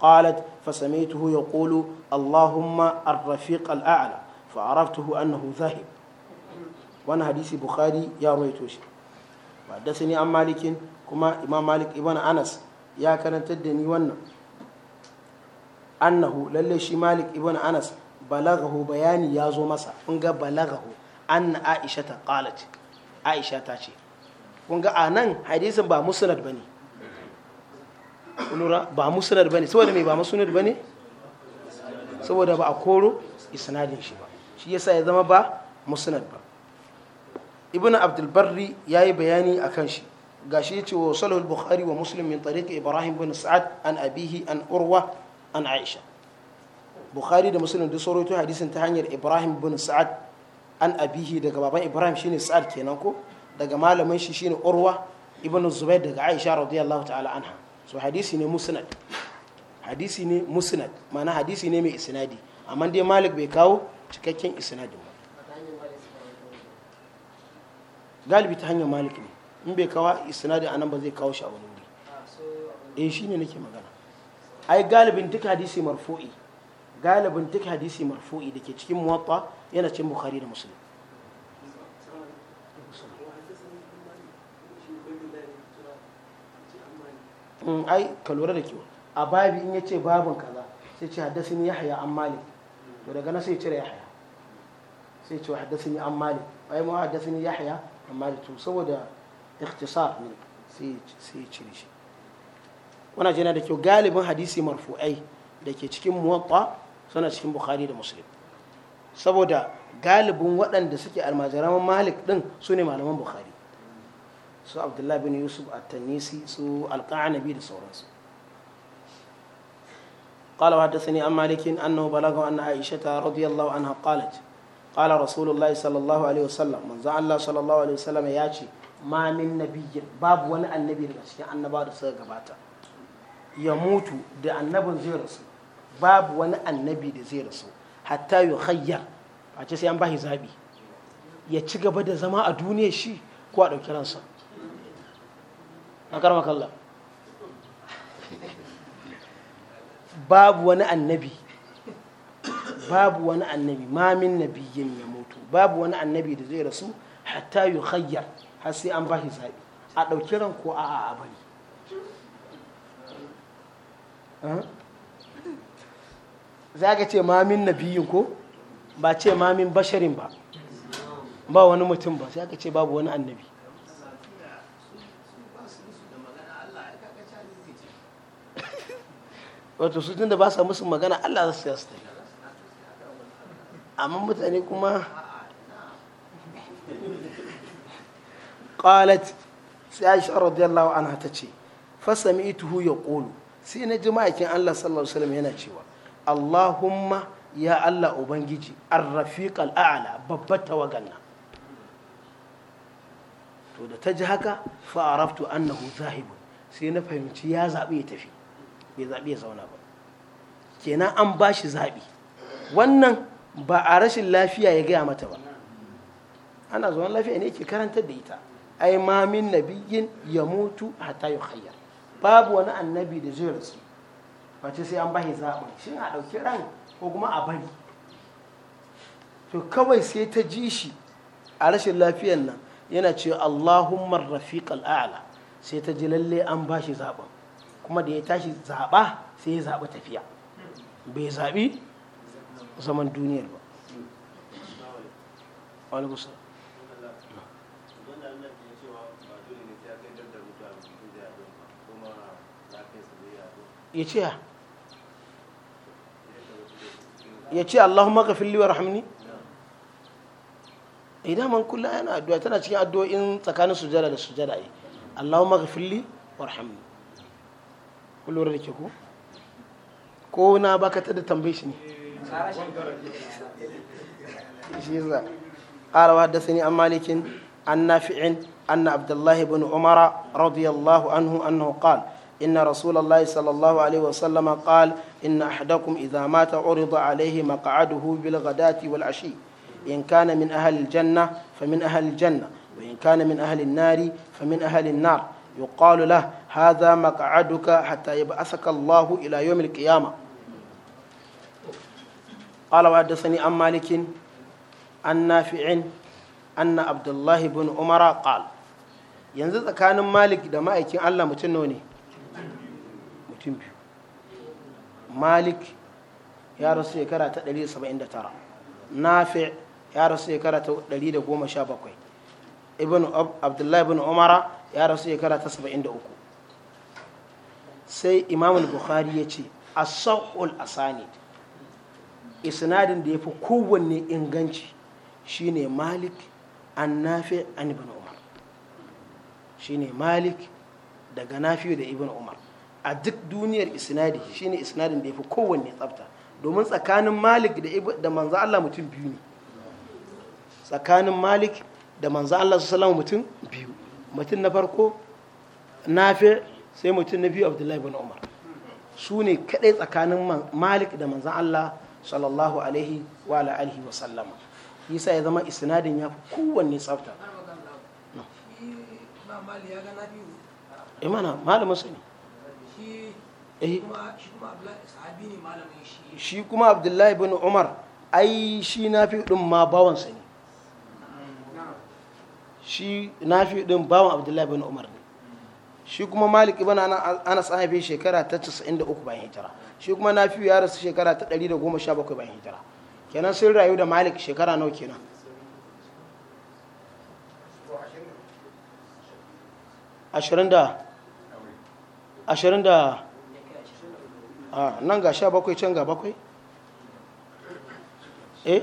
قالت فسمعته يقول اللهم الرفيق الأعلى فعرفته أنه ذاهب وانا حديث بخاري يا رويتوش وحدثني عن مالك كما إمام مالك ابن أنس يا كان تدني وانا أنه للشي مالك ابن أنس بلغه بياني يا زو مسا بلغه أن عائشة قالت عائشة تاشي kunga a nan hadisin ba musnad ba ne lura ba ne bane saboda me ba ba bane saboda ba a koro isnadin shi ba shi yasa ya zama ba musnad ba ibnu abdul ya yayi bayani akan shi gashi yace wa salahul bukhari wa muslim min tariq ibrahim bin sa'ad an abihi an urwa an aisha bukhari da muslim da sauraito hadisin ta hanyar ibrahim bin sa'ad an abihi daga baban ibrahim shine sa'ad kenan ko daga malamin shi shine urwa Ibn zubair daga aisha radiyallahu ta'ala anha so hadisi ne musnad hadisi ne musnad ma'ana hadisi ne mai isnadi amma dai malik bai kawo cikakken isnadi ba galibi ta hanyar malik ne in bai kawo isnadin anan ba zai kawo shi a wani wuri eh shine nake magana ai galibin duk hadisi marfu'i galibin duk hadisi marfu'i da ke cikin muwatta yana cikin bukhari da muslim in ai ka lura da kyau a babi in ya ce babin kaza sai ce haddasin yahya an malik to daga nan sai cire yahya sai ce haddasin an malik ai mu haddasin yahya an mali to saboda ikhtisar ne sai sai cire shi wannan jina da kyau galibin hadisi marfu'ai da ke cikin muwatta suna cikin bukhari da muslim saboda galibin waɗanda suke almajiran malik din su ne malaman bukhari su abdullahi bin yusuf a tanisi su alƙa'anabi da sauransu قال وحدثني عن مالك انه بلغه ان عائشه رضي الله عنها قالت قال رسول الله صلى الله عليه وسلم من زعل الله صلى الله عليه وسلم ياتي ما من نبي باب ولا النبي daga cikin annaba da suka gabata ya mutu da annabin zai rasu babu wani annabi da zai rasu hatta yu khayya a ce sai an bashi zabi ya ci gaba da zama a duniya shi ko a ɗauki ransa an karama kalla babu wani annabi babu wani annabi mamin nabiyin ya mutu babu wani annabi da zai rasu hatta yi khayyar har sai an bashi zaɓi a ɗauki ran ko a a bari za ka ce mamin nabiyin ko ba ce mamin basharin ba ba wani mutum ba sai ka ce babu wani annabi wato su tun da ba sa musu magana Allah za su ya su ta amma mutane kuma qalat sai Aisha radiyallahu anha ta ce fasami'tuhu ƙolu sai na ji ma'aikin Allah sallallahu alaihi wasallam yana cewa Allahumma ya Allah ubangiji an rafiq al-a'la babbar tawaganna to da ta ji haka fa annahu zahibu sai na fahimci ya zaɓi ya tafi bai zaɓi ya zauna ba kenan an ba shi zaɓi wannan ba a rashin lafiya ya gaya mata ba ana zuwan lafiya ne ke karantar da ita ai ma ya mutu hatta ya khayyar babu wani annabi da zai rasu wace sai an ba shi zaɓi a ɗauki ran ko kuma a bari to kawai sai ta ji shi a rashin lafiyan nan yana ce Allahumma rafiqal a'la sai ta ji lalle an ba shi zaɓin kuma da ya tashi zaɓa sai ya zaɓi tafiya bai zaɓi zaman duniyar ba ya ce ya ce Allahumma ka filli wa rahamni idan eh, man kula yana addu'a tana cikin addu'o'in tsakanin sujada da sujada ai eh. Allahumma ka filli wa rahamni kun lura da ke ko ko na shi ne shi za alawa da sani an malikin an anna abdullah ibn umar radiyallahu anhu annahu qal inna rasulullahi sallallahu alaihi wa sallam qal inna ahadakum idza mata urida alaihi maq'aduhu bil ghadati wal ashi in kana min ahli janna fa min ahli janna wa in kana min ahli nari fa min ahli nar يقال له هذا مقعدك حتى يبعثك الله إلى يوم القيامة قال وحدثني عن مالك عن نافع أن عبد الله بن عمر قال yanzu tsakanin malik da ma'aikin allah mutum ne mutum biyu malik ya rasu shekara ta 179 nafi ya rasu shekara ta 117 ibn abdullahi ibn umara ya rasu shekara ta 73 sai imam bukhari ya ce as-sahul asanid isnadin da ya fi kowanne inganci shine malik an nafi an ibn umar shine malik daga nafi da ibn umar a duk duniyar isnadi shine isnadin da ya fi kowanne tsafta domin tsakanin malik da manzo Allah mutum biyu ne tsakanin malik da manzo Allah sallallahu mutum biyu mutum na farko nafi sai mutum na biyu abdullahi bin umar su ne kadai tsakanin malik da manzan allah sallallahu alaihi wa alihi wa sallama yasa ya zama isnadin ya fi kowanne tsafta imana eh, malamin su ne eh. shi kuma abdullahi bin umar ai shi na fi ɗin ma bawansa ne shi nafi din bawan abdullahi bin umar ne shi kuma malik ibn anas an haife shekara ta 93 bayan hijira shi kuma nafi ya rasu shekara ta 117 bayan hijira kenan sun rayu da malik shekara nawa kenan ashirin da ashirin da nan ga sha bakwai can ga bakwai eh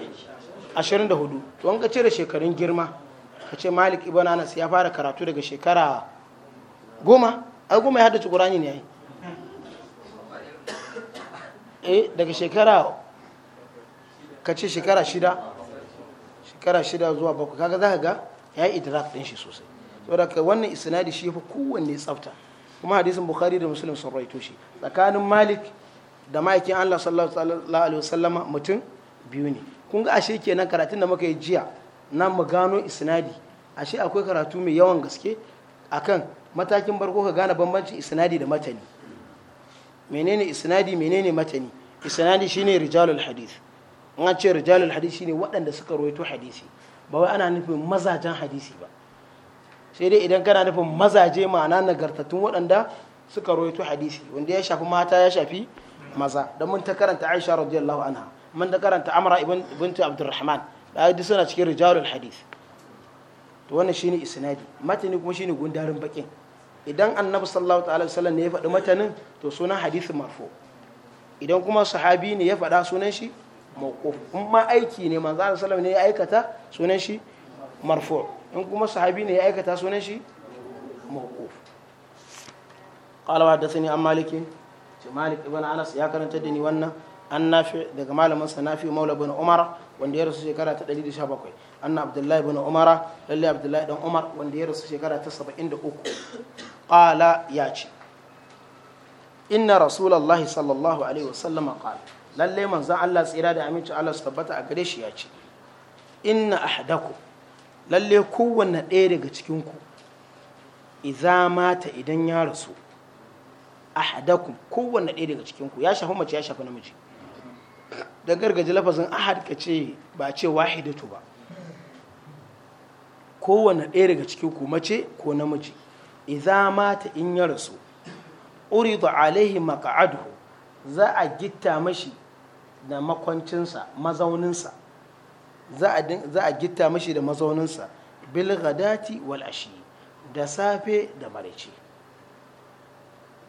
ashirin da hudu to an ka cire shekarun girma ka ce malik ibn anas ya fara karatu daga shekara goma ai goma ya haddace qur'ani ne yayi eh daga shekara ka ce shekara shida shekara shida zuwa bakwai kaga za ka ga ya yi idrak din shi sosai saboda ka wannan isnadi shi fa kowanne tsafta kuma hadisin bukhari da muslim sun rawaito shi tsakanin malik da ma'aikin allah sallallahu alaihi wasallama mutum biyu ne kun ga ashe kenan karatun da muka yi jiya na mu gano isnadi ashe akwai karatu mai yawan gaske akan matakin barko ka gane bambancin isnadi da matani menene isnadi menene matani isnadi shine rijalul hadith in an ce rijalul hadith shine waɗanda suka rawaito hadisi ba wai ana nufin mazajen hadisi ba sai dai idan kana nufin mazaje ma'ana nagartattun waɗanda suka rawaito hadisi wanda ya shafi mata ya shafi maza don mun ta karanta Aisha radiyallahu anha mun ta karanta Amra ibn ibn Abdurrahman da ayyadi suna cikin rijalul hadith to wannan shine isnadi matani kuma shine gundarin bakin idan annabi sallallahu ta'ala wasallam ne ya faɗi matanin to sunan hadith marfu idan kuma sahabi ne ya faɗa sunan shi mawquf in ma aiki ne manzo sallallahu alaihi ne ya aikata sunan shi marfu in kuma sahabi ne ya aikata sunan shi mawquf qala wa hadathani an malik malik ibn anas ya karanta da ni wannan an nafi daga malamin sa nafi maula umar wanda ya rasu shekara ta 117 anna abdullahi ibn umara lalle abdullahi dan umar wanda ya rasu shekara ta 73 qala ya ce inna rasulullahi sallallahu alaihi wasallam qala lalle manzon Allah tsira da aminci Allah su tabbata a gare shi ya ce inna ahdakum lalle kowanne ɗaya daga cikin ku idza mata idan ya rasu ahadakum kowanne ɗaya daga cikin ku ya shafi mace ya shafi namiji don gargaji lafazin ahad ka ce ba ce wahidatu ba kowane ɗaya daga cikin ku mace ko namiji ma mata in ya rasu uridu alaihi Mak'aadu za a gitta mashi da makwancinsa mazauninsa za a gitta mashi da mazauninsa bil ghadati wal ashi da safe da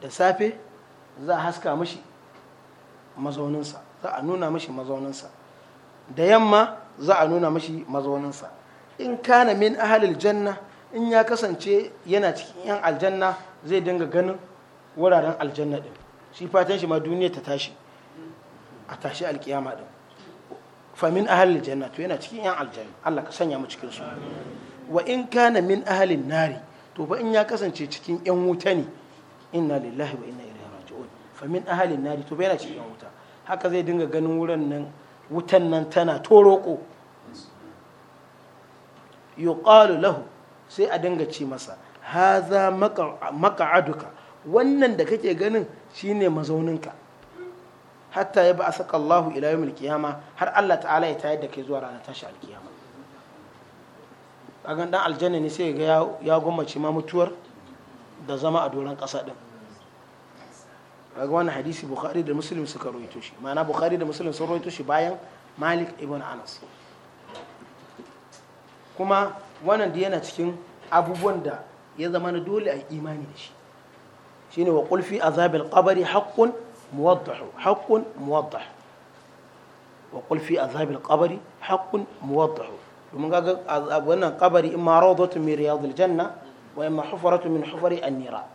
da safe za a haska mashi mazauninsa za a nuna mashi mazauninsa da yamma za a nuna mashi mazauninsa in kana min ahalil janna in ya kasance yana cikin yan aljanna zai dinga ganin wuraren aljanna din shi fatan shi ma duniya ta tashi a tashi alkiyama din famin ahalil janna to yana cikin yan aljanna Allah ka sanya mu cikin su wa in kana min ahalin nari to fa in ya kasance cikin yan wuta ne inna lillahi wa inna ilaihi raji'un famin ahalin nari to ba yana cikin yan wuta haka zai dinga ganin wurin nan wutan nan tana toroko yuqalu lahu sai a dinga ci masa haza maka'aduka wannan da kake ganin shine mazauninka hatta ya ba saka Allahu ila yawmil qiyama har Allah ta'ala ya tayar da kai zuwa ranar tashi alkiyama kagan dan aljanna ne sai ga ya gwammaci ma mutuwar da zama a doron ƙasa din kaga wannan hadisi bukhari da muslim suka rawaito shi ma'ana bukhari da muslim sun rawaito shi bayan malik ibn anas kuma wannan da yana cikin abubuwan da ya zama na dole a imani da shi shine wa qul fi azabil qabri haqqun muwaddah haqqun muwaddah wa qul fi azabil qabri haqqun muwaddah domin kaga wannan kabari imma rawdatun min riyadil janna wa imma hufaratun min hufari an-nira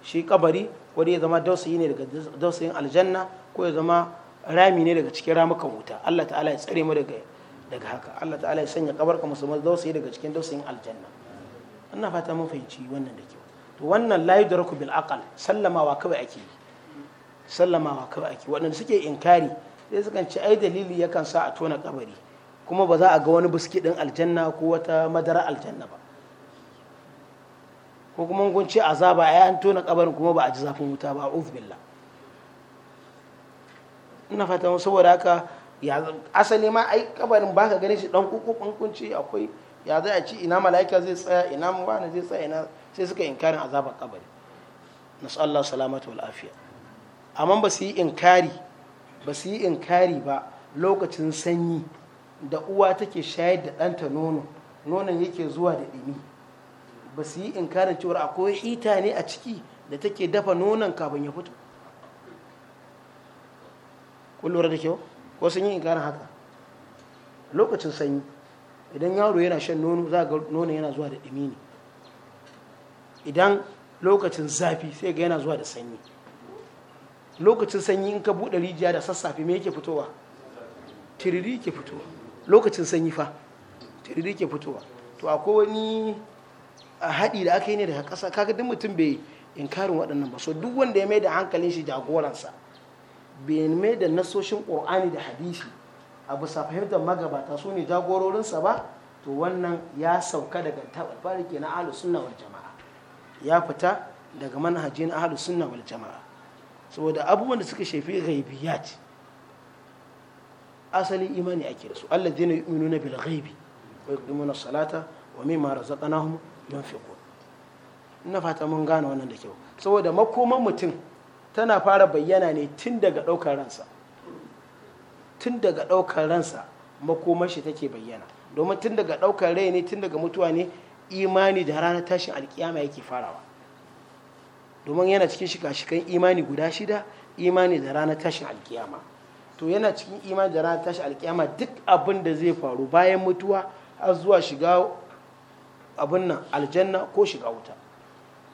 shi kabari wani ya zama dausayi ne daga dausayin aljanna ko ya zama rami ne daga cikin ramukan wuta Allah ta'ala ya tsare mu daga daga haka Allah ta'ala ya sanya kabar ka musamman dausayi daga cikin dausayin aljanna ina fata mun fahimci wannan da kyau to wannan la yudraku bil aqal sallamawa kawai ake yi sallamawa kawai ake waɗanda suke inkari sai sukan ci ai dalili yakan sa a tona kabari kuma ba za a ga wani biskidin aljanna ko wata madara aljanna ba ko kuma kun ce azaba ai an tona kabarin kuma ba a ji zafin wuta ba a'udhu billah ina fatan saboda haka ya asali ma ai kabarin ba ka ganin shi dan kuku kun akwai ya zai a ci ina mala'ika zai tsaya ina wani zai tsaya ina sai suka inkarin azabar kabari nasu Allah salamatu wal afiya amma ba su yi inkari ba su yi inkari ba lokacin sanyi da uwa take shayar da ɗanta nono nonon yake zuwa da ɗumi ba su yi inkarin cewar akwai hita ne a ciki da take dafa nonon kafin ya fito kun da kyau ko sun yi inkarin haka lokacin sanyi idan yaro yana shan nono za ga nono yana zuwa da ɗumi ne idan lokacin zafi sai ga yana zuwa da sanyi lokacin sanyi in ka buɗe rijiya da sassafe me yake fitowa tiriri ke fitowa lokacin sanyi fa tiriri ke fitowa to akwai wani A haɗi da aka yi ne daga ƙasa kaga duk mutum bai inkarin waɗannan ba so duk wanda ya mai da hankalin shi jagoransa bai mai da nasoshin ƙur'ani da hadisi a bisa fahimtar magabata su ne jagororinsa ba to wannan ya sauka daga tabbari ke na ahlus sunna wal jama'a ya fita daga manhaji na ahlus sunna wal jama'a saboda abubuwan da suka shafi ghaibiyat asali imani ake da su alladhina yu'minuna bil ghaibi wa yuqimuna salata wa mimma razaqnahum yunfiqun ina fata mun gane wannan da kyau saboda makoman mutum tana fara bayyana ne tun daga ɗaukar ransa tun daga ɗaukar ransa makoman shi take bayyana domin tun daga ɗaukar rai ne tun daga mutuwa ne imani da ranar tashin alkiyama yake farawa domin yana cikin shika-shikan imani guda shida imani da ranar tashin alkiyama to yana cikin imani da ranar tashin alkiyama duk abin da zai faru bayan mutuwa har zuwa shiga abin nan aljanna ko shiga wuta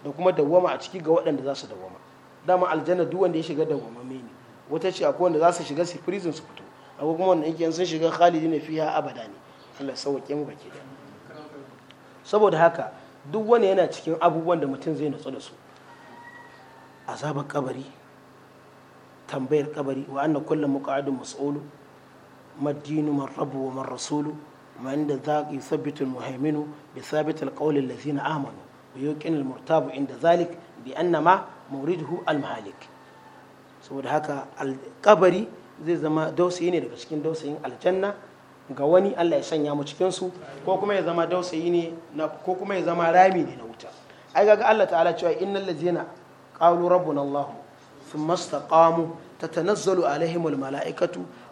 da kuma dawwama a ciki ga waɗanda za su dawwama dama aljanna duk wanda ya shiga mai ne wata ce akwai wanda za su shiga su prison su fito akwai kuma wanda yake sun shiga khalidi ne fiha abada ne Allah sauke mu baki da saboda haka duk wani yana cikin abubuwan da mutum zai natsu da su azabar kabari tambayar kabari wa anna kullu adu mas'ulu madinu man rabbu wa man rasulu وعند ذاك يثبت المهيمن بثابت القول الذين آمنوا ويوقن المرتاب عند zalik بأن ما مورده almahalik saboda haka alkabari zai zama dausayi ne daga cikin dausayin aljanna ga wani Allah ya sanya mu cikin su ko kuma ya zama dausayi ne na ko kuma ya zama rami ne na wuta ai ga Allah ta'ala cewa innal ladzina qalu rabbuna allahu. ثم استقاموا تتنزل عليهم الملائكة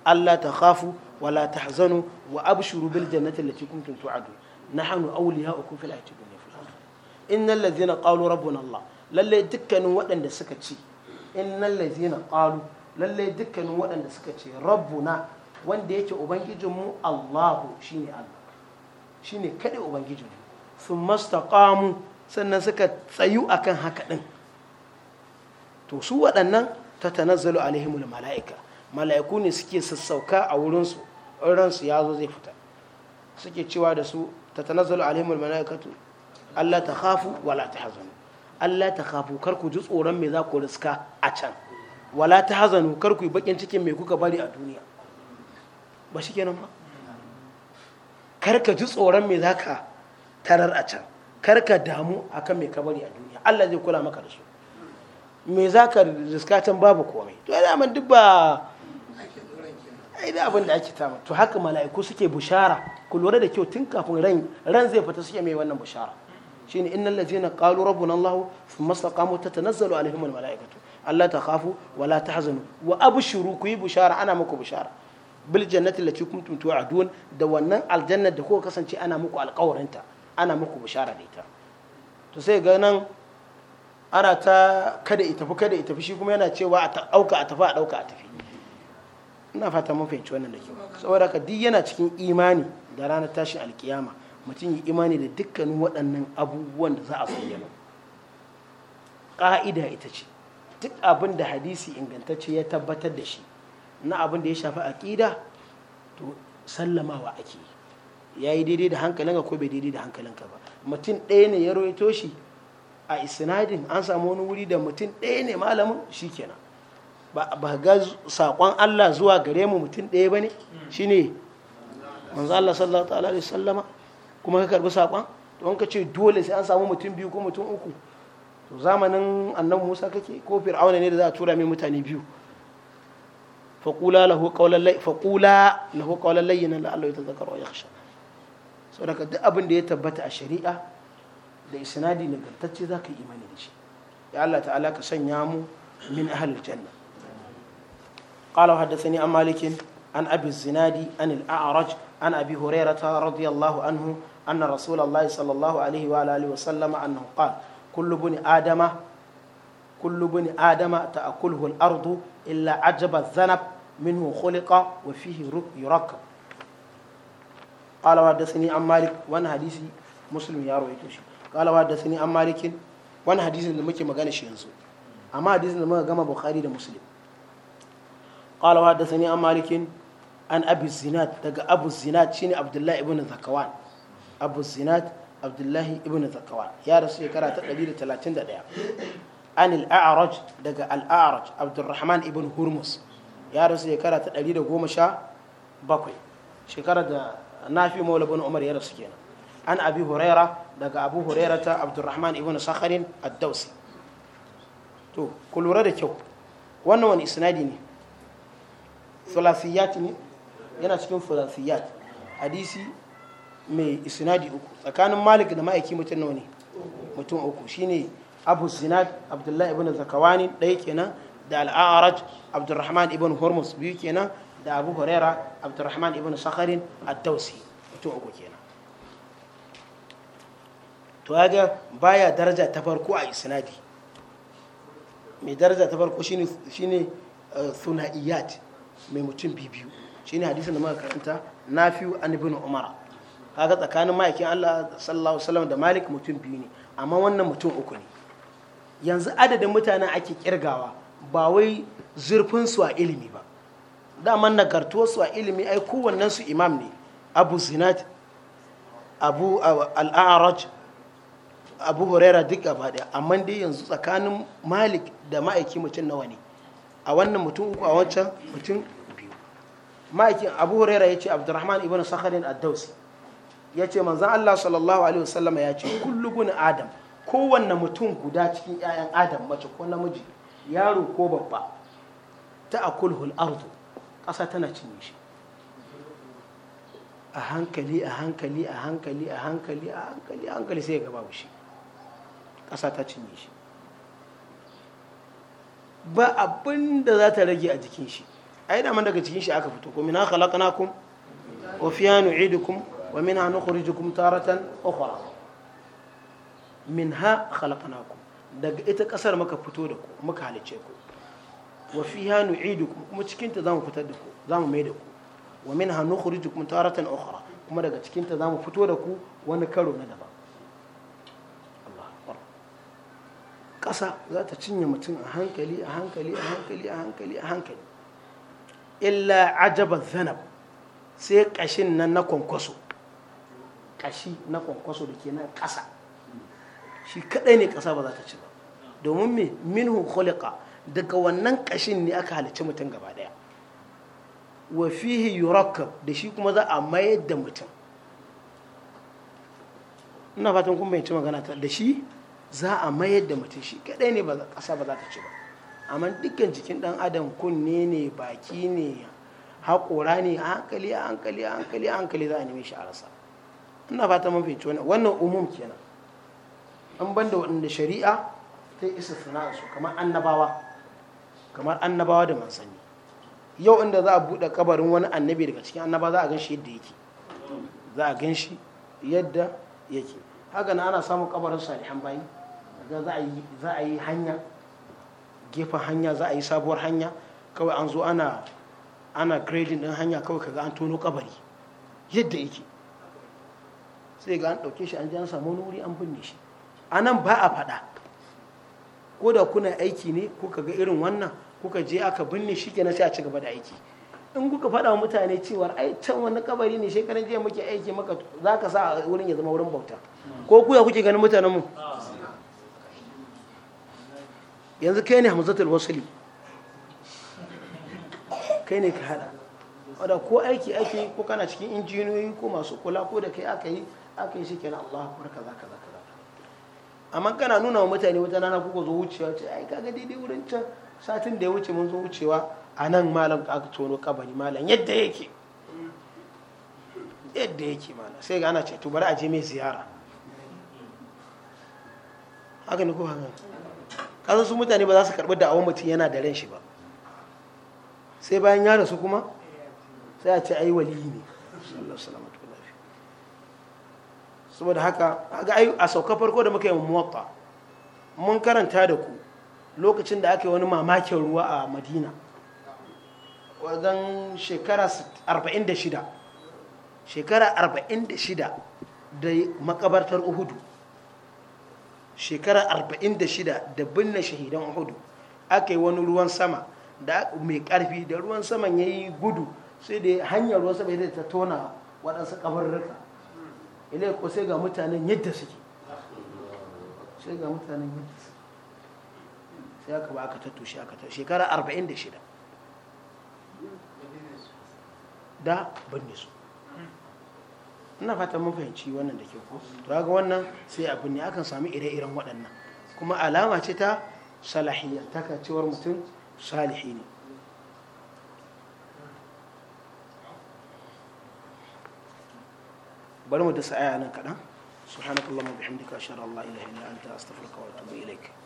ألا تخافوا ولا تحزنوا وأبشروا بالجنة التي كنتم توعدون نحن أولياؤكم في الآية الدنيا في الآخرة إن الذين قالوا ربنا الله للي دكنوا وأن سكتشي إن الذين قالوا للي دكنوا وأن سكتشي ربنا وأن ديك أبنجمو الله شيني الله شيني كده أبنجمو ثم استقاموا سنة سكت سيو أكن هكذا to su waɗannan ta tanazzalu alaihimul mala'ika mala'iku ne suke sassauka a wurinsu in ransu ya zo zai fita suke cewa da su ta tanazzalu alaihimul mala'ikatu Allah ta khafu wala ta hazanu Allah ta khafu kar ku ji tsoron me za ku riska a can wala ta hazanu kar ku yi bakin cikin me kuka bari a duniya ba shi kenan ba kar ka ji tsoron me za ka tarar a can kar ka damu akan me ka bari a duniya Allah zai kula maka da su me za ka riskatan babu komai to ya daman duk ba ai da abin da ake tama to haka mala'iku suke bushara ku lura da kyau tun kafin ran ran zai fita suke mai wannan bushara shine innal ladzina qalu rabbuna allah thumma istaqamu tatanazzalu alaihim al mala'ikatu alla takhafu wa la tahzanu wa abu ku yi bushara ana muku bushara bil jannati allati kuntum tu'adun da wannan aljanna da kuka kasance ana muku alƙawarinta ana muku bushara da ita to sai ga nan ana ta kada ita tafi kada ita tafi shi kuma yana cewa a ɗauka a tafi a ɗauka a tafi ina fata mun fahimci wannan da kyau saboda ka duk yana cikin imani da ranar tashin alkiyama mutum yi imani da dukkanin waɗannan abubuwan da za a bayyana ƙa'ida ita ce duk abin da hadisi ingantacce ya tabbatar da shi na abin da ya shafi aƙida to sallamawa ake ya yi daidai da hankalinka ko bai daidai da hankalinka ba mutum ɗaya ne ya roito shi a isnadin an samu wani wuri da mutum ɗaya ne malamin shikenan ba ga saƙon Allah zuwa gare mu mutum ɗaya ba ne shi ne manzo Allah sallallahu alaihi sallama kuma ka karbi saƙon to ka ce dole sai an samu mutum biyu ko mutum uku to zamanin annabi Musa kake ko fir'auna ne da za a tura mai mutane biyu faqula lahu qawlan lay faqula lahu qawlan layyinan la'allahu yatadhakkaru yakhsha saboda duk abin da ya tabbata a shari'a da isnadi nagartacce za ka yi imani da shi ya Allah ta'ala ka sanya mu min ahlul janna qala haddathani an malikin an abi zinadi an al-a'raj an abi hurairah radiyallahu anhu anna rasulullahi sallallahu alaihi wa alihi wa sallama annahu qala kullu bani adama كل بن آدم تأكله الأرض إلا عجب الذنب منه خلق وفيه يركب قال وحدثني عن مالك وانا حديثي مسلم يا رويتوشي qala wa sani an malikin wani hadisin da muke magana shi yanzu amma hadisin da muka gama bukhari da muslim qala wa sani an malikin an abu zinat daga abu zinat shine abdullahi ibn zakawan abu zinat abdullahi ibn zakawan ya rasu shekara ta 131 an al-a'raj daga al-a'raj abdurrahman ibn hurmus ya rasu shekara ta 117 shekara da nafi maula bin umar ya rasu kenan an abi huraira daga abu ta abdurrahman ibn sakharin ad to ku lura da kyau wannan wani isnadi ne thulathiyat ne yana cikin thulathiyat hadisi mai isnadi uku tsakanin malik da ma'aiki mutum nawa ne mutum uku shine abu zinad abdullahi ibn zakawani ɗaya kenan da al'arat abdurrahman ibn hormuz biyu kenan da abu huraira abdurrahman ibn sakharin ad mutum uku kenan to ga baya daraja ta farko a isnadi mai daraja ta farko shine suna'iyat eh, mai mutum biyu shine hadisin da muka karanta nafiu an ibn umar kaga tsakanin ma'aikin Allah sallallahu alaihi da malik mutum biyu ne amma wannan mutum uku ne yanzu adadin mutanen ake kirgawa ba wai zurfin su a ilimi ba daman nagartuwar su a ilimi ai kowannen su imam ne abu zinat abu eh, al abu huraira duk gaba daya amma dai yanzu tsakanin malik da ma'aiki mutum nawa ne a wannan mutum uku a wancan mutum biyu ma'aikin abu huraira ya ce abdurrahman ibn sakharin ad-dausi ya ce manzan allah sallallahu alaihi wasallam ya ce kullugun adam kowanne mutum guda cikin 'ya'yan adam mace ko namiji yaro ko babba ta akulhul ardu ƙasa tana cinye shi a hankali a hankali a hankali a hankali a hankali a hankali sai ya gaba shi ƙasa ta cinye shi ba abin da za ta rage a jikin shi ai da man daga cikin shi aka fito ko mina khalaqnakum wa fiha nu'idukum wa minha nukhrijukum taratan min ukhra minha khalaqnakum daga ita kasar muka fito da ku muka halice ku wa fi fiha nu'idukum kuma cikinta za mu fitar da ku zamu mai da ku wa min ha nukhrijukum taratan ukhra kuma daga cikinta za mu fito da ku wani karo na daban ƙasa za ta cinye mutum a hankali a hankali a hankali a hankali a hankali illa ajaba zanab sai ƙashin nan na kwankwaso ƙashi na kwankwaso da ke nan ƙasa shi kaɗai ne ƙasa ba za ta ci ba domin me minhu khuliqa daga wannan ƙashin ne aka halicci mutum gaba ɗaya wa fihi yurakkab da shi kuma za a mayar da mutum ina fatan kun bayyance magana ta da shi za a mayar da mutum shi kadai ne ƙasa ba za ta ci ba amma dukkan jikin dan adam kunne ne baki ne haƙora ne a hankali a hankali a hankali a hankali za a neme shi a rasa ina fata mun fahimci wannan wannan umum kenan an banda waɗanda shari'a ta yi isa suna su kamar annabawa kamar annabawa da sani yau inda za a buɗe kabarin wani annabi daga cikin annaba za a gan shi yadda yake za a gan shi yadda yake haka na ana samun kabarin salihan bayi za a yi hanya gefen hanya za a yi sabuwar hanya kawai an zo ana ana grading din hanya kawai kaga an tono kabari yadda yake sai ga an ɗauke shi an ji an samu wuri an binne shi a nan ba a faɗa ko da kuna aiki ne kuka ga irin wannan kuka je aka binne shi kenan sai a ci gaba da aiki in kuka faɗa mutane cewa ai can wani kabari ne shekaran jiya muke aiki maka za ka sa wurin ya zama wurin bauta ko kuya kuke ganin mutanen mu yanzu kai ne hamzatul wasli kai ne ka hada wadda ko aiki ake yi ko kana cikin injiniyoyi ko masu kula ko da kai aka yi aka yi shi Allah akbar kaza kaza kaza amma kana nuna wa mutane wata rana kuka zo wucewa ce ai kaga daidai wurin can satin da ya wuce mun zo wucewa a nan malam aka tono kabari malam yadda yake yadda yake malam sai ga ana ce to bari a je mai ziyara haka ne ko haka kasan su mutane ba za su karɓi da'awar mutum yana da ran shi ba sai bayan ya rasu kuma sai a ce ai wali ne saboda haka a sauka farko da muka yi muwatta mun karanta da ku lokacin da aka yi wani mamakin ruwa a madina wajen shekara 46 shekara 46 da makabartar uhudu shekara 46 da binne shahidan uhudu aka yi wani ruwan sama da mai karfi da ruwan saman ya yi gudu sai da hanyar ruwan sama ya ta tona waɗansu rika ilai ko sai ga mutanen yadda suke sai ga mutanen yadda suke sai aka ba aka tattushe aka tattushe shekara 46 da binne su ina fata mun fahimci wannan da kyau ko to ga wannan sai abin ne akan samu ire-iren waɗannan kuma alama ce ta salahiyar ta cewar mutum salihi ne bari mu da sa'aya nan kaɗan subhanakallahumma bihamdika ashhadu an la ilaha illa anta astaghfiruka wa atubu ilaik